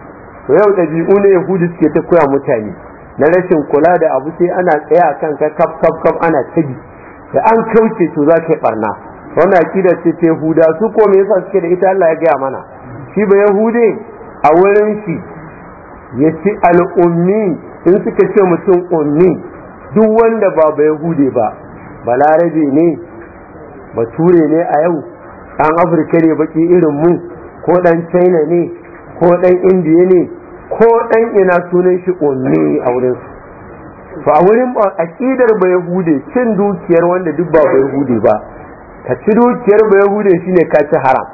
to yau ɗabi'u ne yahudu suke ta koya mutane na rashin kula da abu sai ana tsaya a kanka kaf kaf kaf ana tabi da an kauce to za ka yi barna wannan akida ce ta yahuda su ko me yasa suke da ita Allah ya gaya mana shi ba yahude a wurin shi ya ci al'ummi in suka ce mutum ummi duk wanda ba ba yahude ba balarabe ne bature ne a yau ɗan afirka ne baki irin mu ko ɗan china ne ko ɗan indiya ne ko ɗan ina sunan shi ummi a wurin su to a wurin aƙidar ba hude cin dukiyar wanda duk ba ba hude ba ka ci dukiyar ba hude shine ka ci haram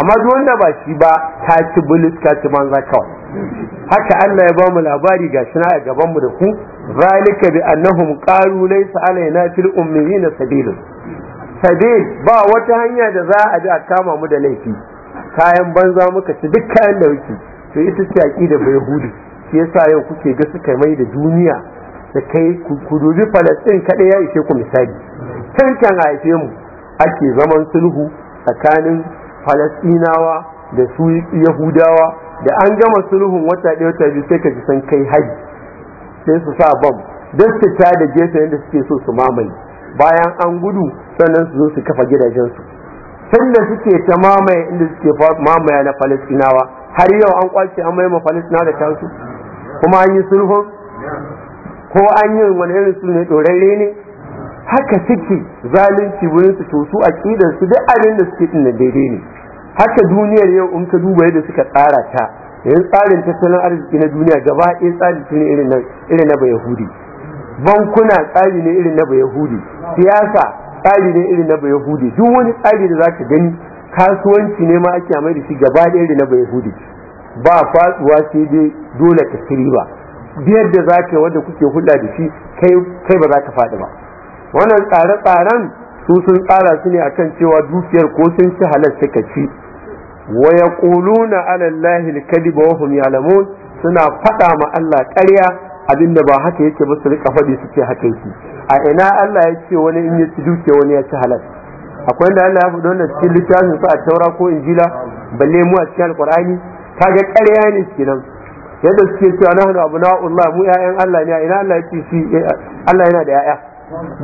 amma duk wanda ba shi ba ka ci bulus ka ci manza kawai haka Allah ya ba mu labari shi na a gaban mu da ku zalika bi annahum qalu laysa alaina fil ummiyina sabilun sabil ba wata hanya da za a ji a kama mu da laifi kayan banza muka ci duk kayan da wuce to ita ce aqida bai hudu shi yasa yau kuke ga suka mai da duniya da kai ku dubi falastin kada ya ishe ku misali can can haife mu ake zaman sulhu tsakanin Falastinawa da su Yahudawa da an gama sulhun wata ɗaya wata biyu sai ka ji san kai haji sai su sa bam don su ta da gefen yadda suke so su mamaye bayan an gudu sannan su zo su kafa gidajensu Tunda suke ta mamaye inda suke mamaya na falastinawa har yau an kwace an maima falastinawa da tansu kuma an yi sulhun ko an yi wani irin su ne dorarre ne haka suke zalunci wurin su tosu a aqidar su duk abin da suke din daidai ne haka duniyar yau in ka duba yadda suka tsara ta yanzu tsarin tattalin arziki na duniya gaba ɗaya tsari ne irin na irin na bankuna tsari ne irin na bayahudi siyasa tsari ne irin na bai yahudi duk wani tsari da ka gani kasuwanci ne ma ake amai da shi gaba ɗaya irin na bai yahudi ba faduwa sai dai dole ka shiri ba biyar da zaka wanda kuke hulɗa da shi kai kai ba za ka faɗi ba wannan tsare-tsaren su sun tsara su ne akan cewa dukiyar ko sun ci halal suka ci wa yaquluna ala allahi wa hum ya'lamun suna faɗa ma Allah ƙarya abin da ba haka yake ba su rika faɗi su ce haka a ina Allah ya ce wani in ya ci duke wani ya ci halal akwai wanda Allah ya faɗi wannan cikin littafin su a taura ko injila balle mu a cikin alqur'ani kaga ƙarya ne kenan yadda suke cewa nahnu Allah, mu yayan Allah ne a ina Allah ya ce shi eh, Allah yana da yaya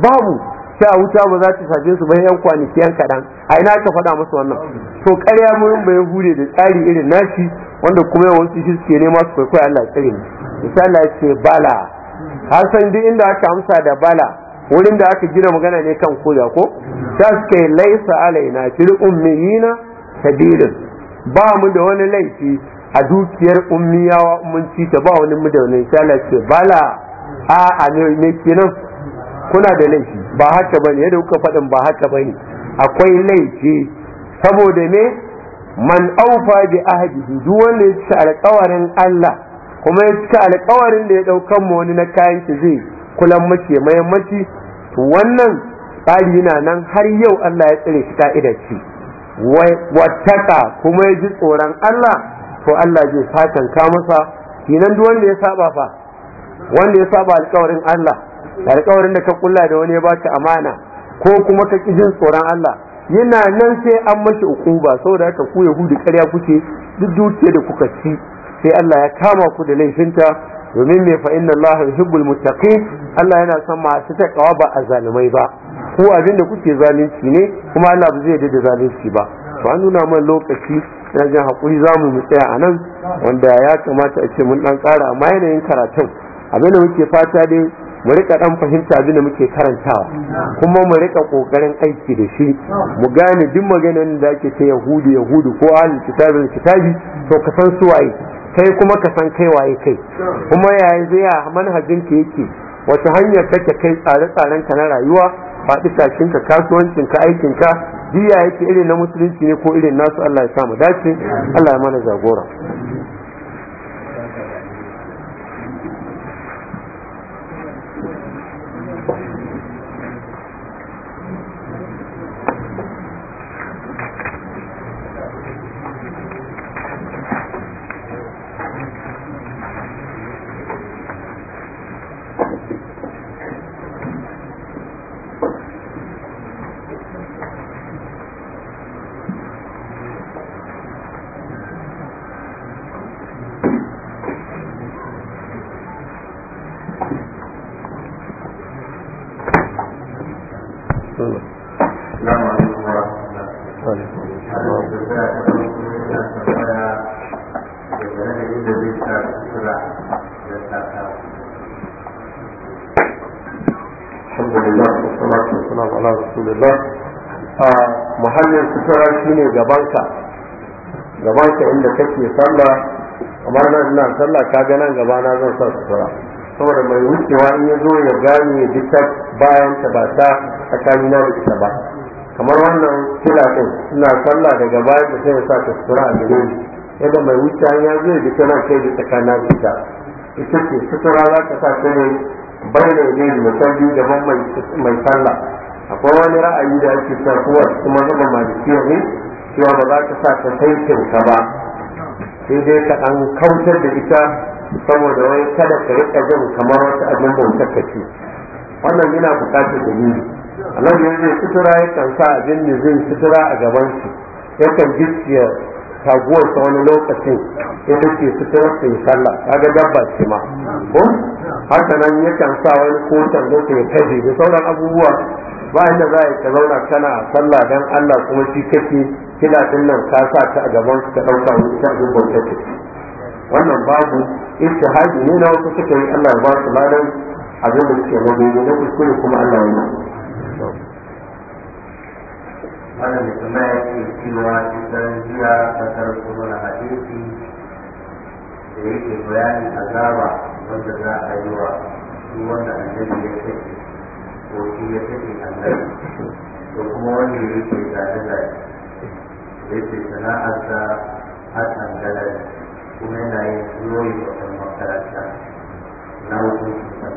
babu a wuta ba za ta shafe su ba yan kwanaki yan kaɗan a ina aka faɗa musu wannan to ƙarya murin bai hure da tsari irin nashi wanda kuma yawan su suke nema su kwaikwaya Allah ya tsare mu Allah ya ce bala har san duk inda aka amsa da bala wurin da aka gina magana ne kan koda ko ta suke laisa alaina fil ummiyina sabirin ba mu da wani laifi a dukiyar ummiyawa mun ci ta ba wani mu da wani insha Allah ya ce bala a a ne kenan kuna da laifi ba haka bane yadda kuka faɗin ba haka bane akwai laifi saboda ne man aufa bi ahdihi duk wanda ya cika alƙawarin Allah kuma ya cika alƙawarin da ya ɗaukan mu wani na kayan shi zai kulan mace mayammaci to wannan tsari yana nan har yau Allah ya tsire shi ka'idar ci wattaka kuma ya ji tsoron Allah to Allah zai fatan ka masa kinan duk wanda ya saba fa wanda ya saba alƙawarin Allah alƙawarin da ka kulla da wani ya ba ka amana ko kuma ka ƙi jin tsoron Allah yana nan sai an mashi ukuba saboda haka ku yahudu ƙarya kuke duk dukiyar da kuka ci sai Allah ya kama ku da laifinta domin mai fa inna Allah yuhibbul muttaqin Allah yana son masu takawa ba a zalimai ba ku abin da kuke zalunci ne kuma Allah ba zai da zalunci ba Ba nuna man lokaci na jin hakuri za mu tsaya a nan wanda ya kamata a ce mun ɗan ƙara amma yanayin karatun abin da muke fata dai mu rika dan fahimta abin da muke karantawa kuma mu rika kokarin aiki da shi mu gane duk maganar da ake ta yahudu yahudu ko ahli kitabi kitabi to ka san su waye kai kuma ka san kai waye kai kuma yaya zai manhajin ka yake wata hanyar kake kai tsare-tsaren ka na rayuwa faɗi tashin ka kasuwancin ka aikin ka diya yake irin na musulunci ne ko irin nasu Allah ya samu dace Allah ya mana jagora sallah amma nan ina sallah ka ga nan gaba na zan sa sutura saboda mai wucewa in ya zo ya gane ya ji ta bayan ta ba ta tsakani na da ita ba kamar wannan kila din ina sallah daga bayan da sai ya sa ta sutura a gare ni yadda mai wucewa ya zo ya ji ta nan sai da tsakanin da ita ita ce sutura za ka sa ta ne bayan ne musalli gaban mai sallah akwai wani ra'ayi da ake sa kuma zama malikiyar ne cewa ba za ka sa ta taikin ka ba sai dai ka an kautar da ita saboda wai kada ka rika jin kamar wata abin bauta ka ce wannan yana bukatar a nan ya zai sutura ya kan sa abin da zai sutura a gaban shi yakan taguwar taguwarsa wani lokacin ya ce sutura sai sallah ga dabba ce ma ko haka nan kan sa wani kotan da ya kaje da sauran abubuwa ba da za a yi ka zauna kana sallah dan Allah kuma shi kake kila din nan ka sa ta a gaban ka dauka wani ta abin bautar ta wannan babu istihadi ne na wasu suka yi Allah ya ba su ladan abin da suke na gobe na kuskure kuma Allah ya yi wannan da kuma ya ce cewa idan jiya ta karfi mana hadisi da yake bayani azaba wanda za a yi wa shi wanda annabi ya sake ko shi ya sake annabi to kuma wanda yake zaɗe-zaɗe da yake sana'arsa hasan galar kuma yana yin zuwoyi wajen makaranta na wajen sa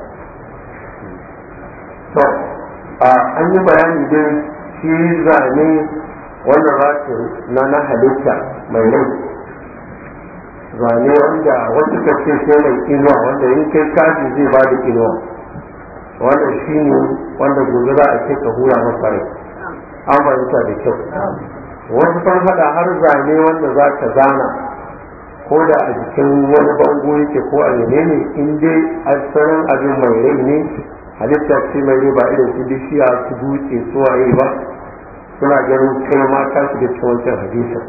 to an yi bayani dai shi zane wannan rashin na na halitta mai rai zane wanda wasu kace sai mai inuwa wanda yin kai kaji zai ba da inuwa wanda shi ne wanda gobe za a ce ka hura masa rai an fahimta da kyau wasu sun haɗa har zane wanda za ka zana ko da a jikin wani bango yake ko a ne in dai asalin abin mai rai ne halitta ce mai rai ba irin su bishiya su dutse su waye ba suna ganin kai ma ka su wancan hadisin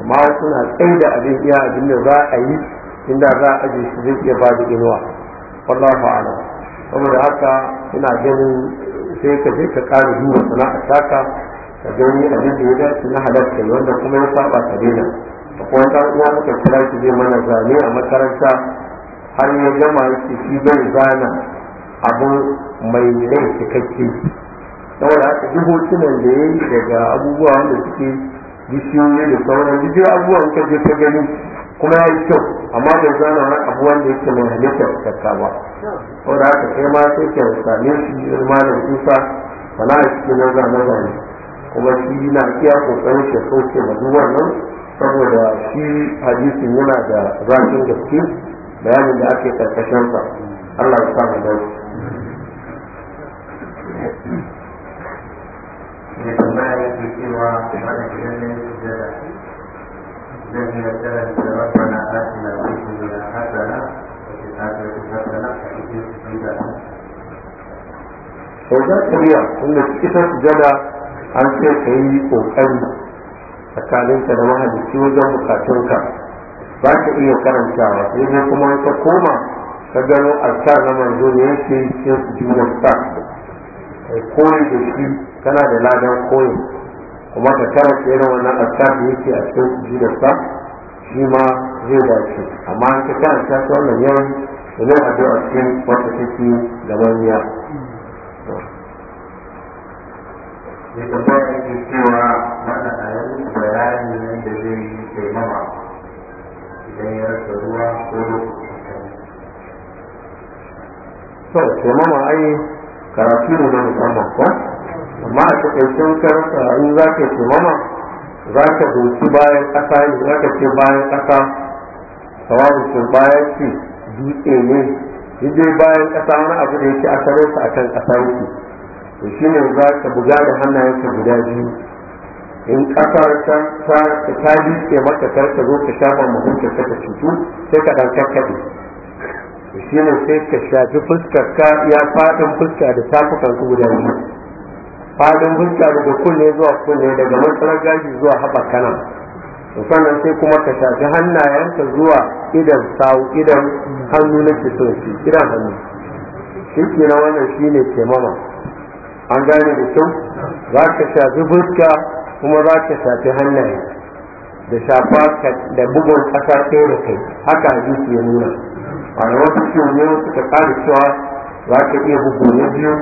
amma suna tsaye da abin iya abin da za a yi inda za a aje shi zai iya ba da inuwa wallahu a'lam saboda haka ina ganin sai ka je ka kare duba sana'a taka ka gani abin da ya dace na halatta wanda kuma ya saba ka daina akwai dan uwa muka kira shi mana zane a makaranta ya gama yake shi zana abu mai rai cikakke saboda haka duk hotunan da ya daga abubuwa wanda suke bishiyoyi da sauran duk abubuwa muka ta kuma ya yi kyau amma bai zana wani abu wanda yake mai halitta cikakka ba saboda haka kai ma sai ka same shi malam isa sana'a cikin nan zanen kuma shi na iya kokarin shi sauke na duk wannan saboda shi hadisin yana da zafin gaske bayanin da ake karkashin sa Allah ya samu da mai tambaya yake cewa wani gidan ne sujada sujada an ce ka yi kokari tsakaninka da mahalicci wajen bukatunka ba ka iya karantawa sai ne kuma ta koma ka gano alkar na manzo ne yake yin sujudan sa kai koyi da shi kana da ladan koyi kuma ka karanta irin wannan alkar da yake a cikin sujudan sa shi ma zai dace amma ka karanta ta wannan yawan da zai a cikin wata take da manya. mai tambaya yake cewa mana a yi bayani da zai yi taimama idan ya rasa ruwa ko to taimama ai karatu ne na musamman ko amma a takaicen a yi za ka taimama za ka doki bayan ƙasa ne za ka ce bayan ƙasa sawabu ce bayan ce dutse ne duk bayan ƙasa wani abu da yake asalinsa kan ƙasar ki to shi ne za ka buga da hannayenka guda biyu in kafar ta ta ta kar ka zo ka shafa mutunta ka ta cutu sai ka dan kakkaɓe to shi ne sai ka shafi fuskar ka ya fadin fuska da tafukan ku guda biyu fadin fuska daga kunne zuwa kunne daga matsalar gaji zuwa haɓar kanan sannan sai kuma ka shafi hannayenka zuwa idan sawu idan hannu na so idan hannu shi na wannan shine mama? an gane da kyau za ka shafi fuska kuma za ka shafi hannaye da shafa da bugun ƙasa ɗaya da kai haka hadisi ya nuna a wasu kiyoyin suka ƙara cewa za ka iya bugu na biyu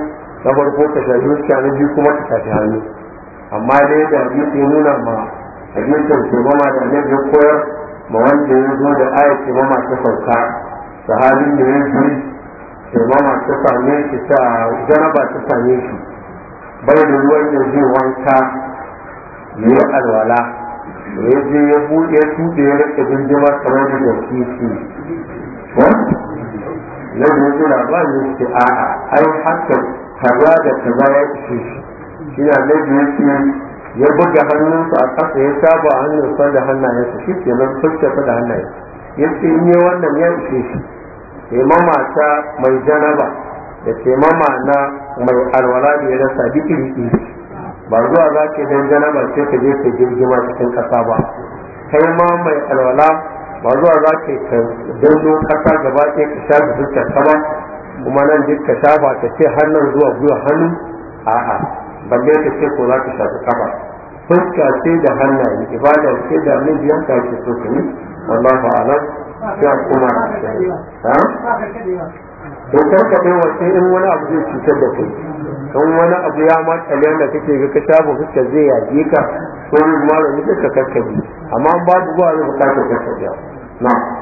na farko ka shafi fuska na biyu kuma ka shafi hannu amma dai da hadisi ya nuna ma hadisin mama da annabi ya koyar ma wanda ya zo da aya ke mama ta sauka halin da ya ke mama ta same shi ta jaraba ta same shi bai da ruwan da zai wanka ya yi alwala ya je ya buɗe tuɗe ya rike jinjimar kamar da jakiti na yanzu ya ce a ai haka kaza da kaza ya ce shi na ya ya buga hannunsa a ƙasa ya saba hannunsa da hannayensa shi ke nan ta da hannayensa ya ce in yi wannan ya ce shi mamata mai janaba da taimama na mai alwala da ya rasa biki biki ba zuwa za ka dan ba sai ka je ka girgima cikin ƙasa ba kai ma mai alwala ba zuwa za ka ka dando kasa gaba ɗaya ka da fuskar ka ba kuma nan duk ka shafa ka ce hannun zuwa gwiwa hannu a'a balle ka ce ko za ka shafi ba fuska ce da hannaye ibada ce da biyan ka ke so ka yi wallahu a'lam sai kuma ha to karkaɗe wasu in wani abu zai cutar da kai in wani abu ya ma kalyan da kake ga ka shafa fuskar zai yaje ka ko yin malami da ka karkaɗe amma babu ba zai bukatar karkaɗe na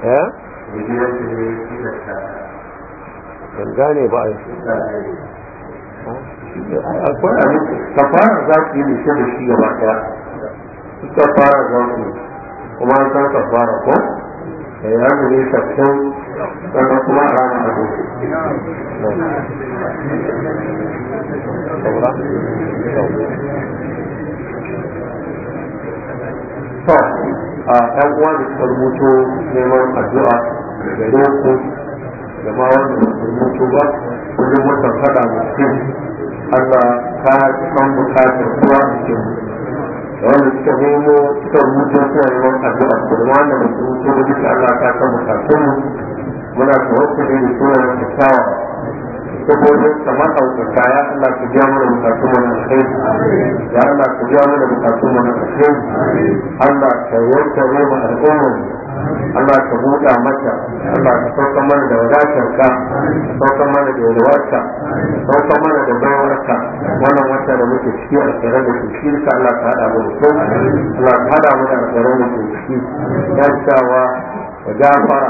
ya? Eh? Ya gane ba a yi akwai abin kafara za ku yi nishe da shi gaba ɗaya su kafara za kuma da ya na. kuma a Na na. a Na na. Na na. Na na. Allah ka san bukatar kuwa a cikin wanda suka nemo suka rubuto suna neman addu'a ko wanda ba su rubuto ba duka Allah ka san bukatun mu muna tawakkali da suna na kyakkyawa saboda kamar ɗaukaka kaya Allah ku biya mana bukatun mu na alheri ya Allah ku biya mana bukatun mu na alheri Allah ka yanka roma al'ummar Allah ka buɗa mata Allah ka sauka mana da wadatar ka sauka mana da yalwarka sauka mana da bayawarka wannan wata da muke ciki a tsare da su shi ka Allah ka haɗa mu da kyau Allah ka haɗa mu da tsare da su shi ya cewa da gafara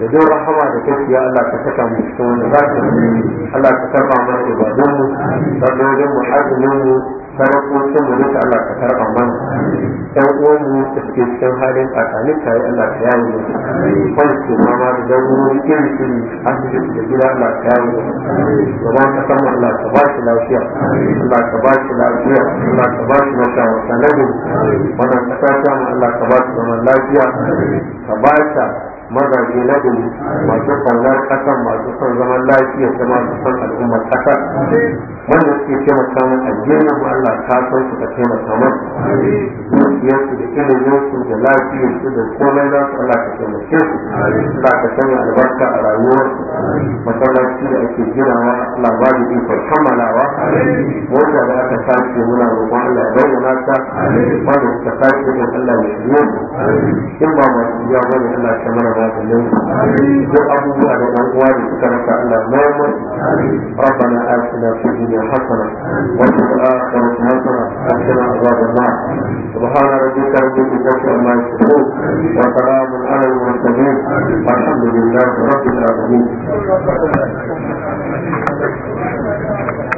da duk rahama da kake ya Allah ka saka mu cikin wannan zaka Allah ka karba mana da mu da mu haifinmu. mu sadakokin mu duka Allah ka karɓa mana ɗan uwan mu da suke cikin halin tsakani tare Allah ka yaye mu kwan su mama da dabbobi iri iri asibiti da gida Allah ka yaye mu gaban ka san Allah ka ba shi lafiya Allah ka ba shi lafiya Allah ka ba shi mata wata nagari wannan kasa ta mu Allah ka ba shi zaman lafiya ka ba ta mazaje na gudu masu kwallon kasan masu son zaman lafiya da masu son al'ummar kasa wanda suke taimaka wa addinin mu Allah ta san su ka taimaka mu dukiyar su da ilimin su da lafiyar su da komai za su Allah ka taimake su Allah ka sanya albarka a rayuwar su masallaci da ake ginawa Allah ba da ikon kammalawa wanda da aka sace muna roƙon Allah ya bayyana nasa wanda suka sace mu Allah ya yi mu in ba masu iya bane Allah ya mana maganin duk abubuwa da ɗan uwa da suka rasa Allah mamu rabbana atina fid dunya hasana wa fil akhirati hasana wa qina adhaban nar subhana rabbika rabbil izzati amma yasifun wa salamun ala al mursalin walhamdulillahi rabbil alamin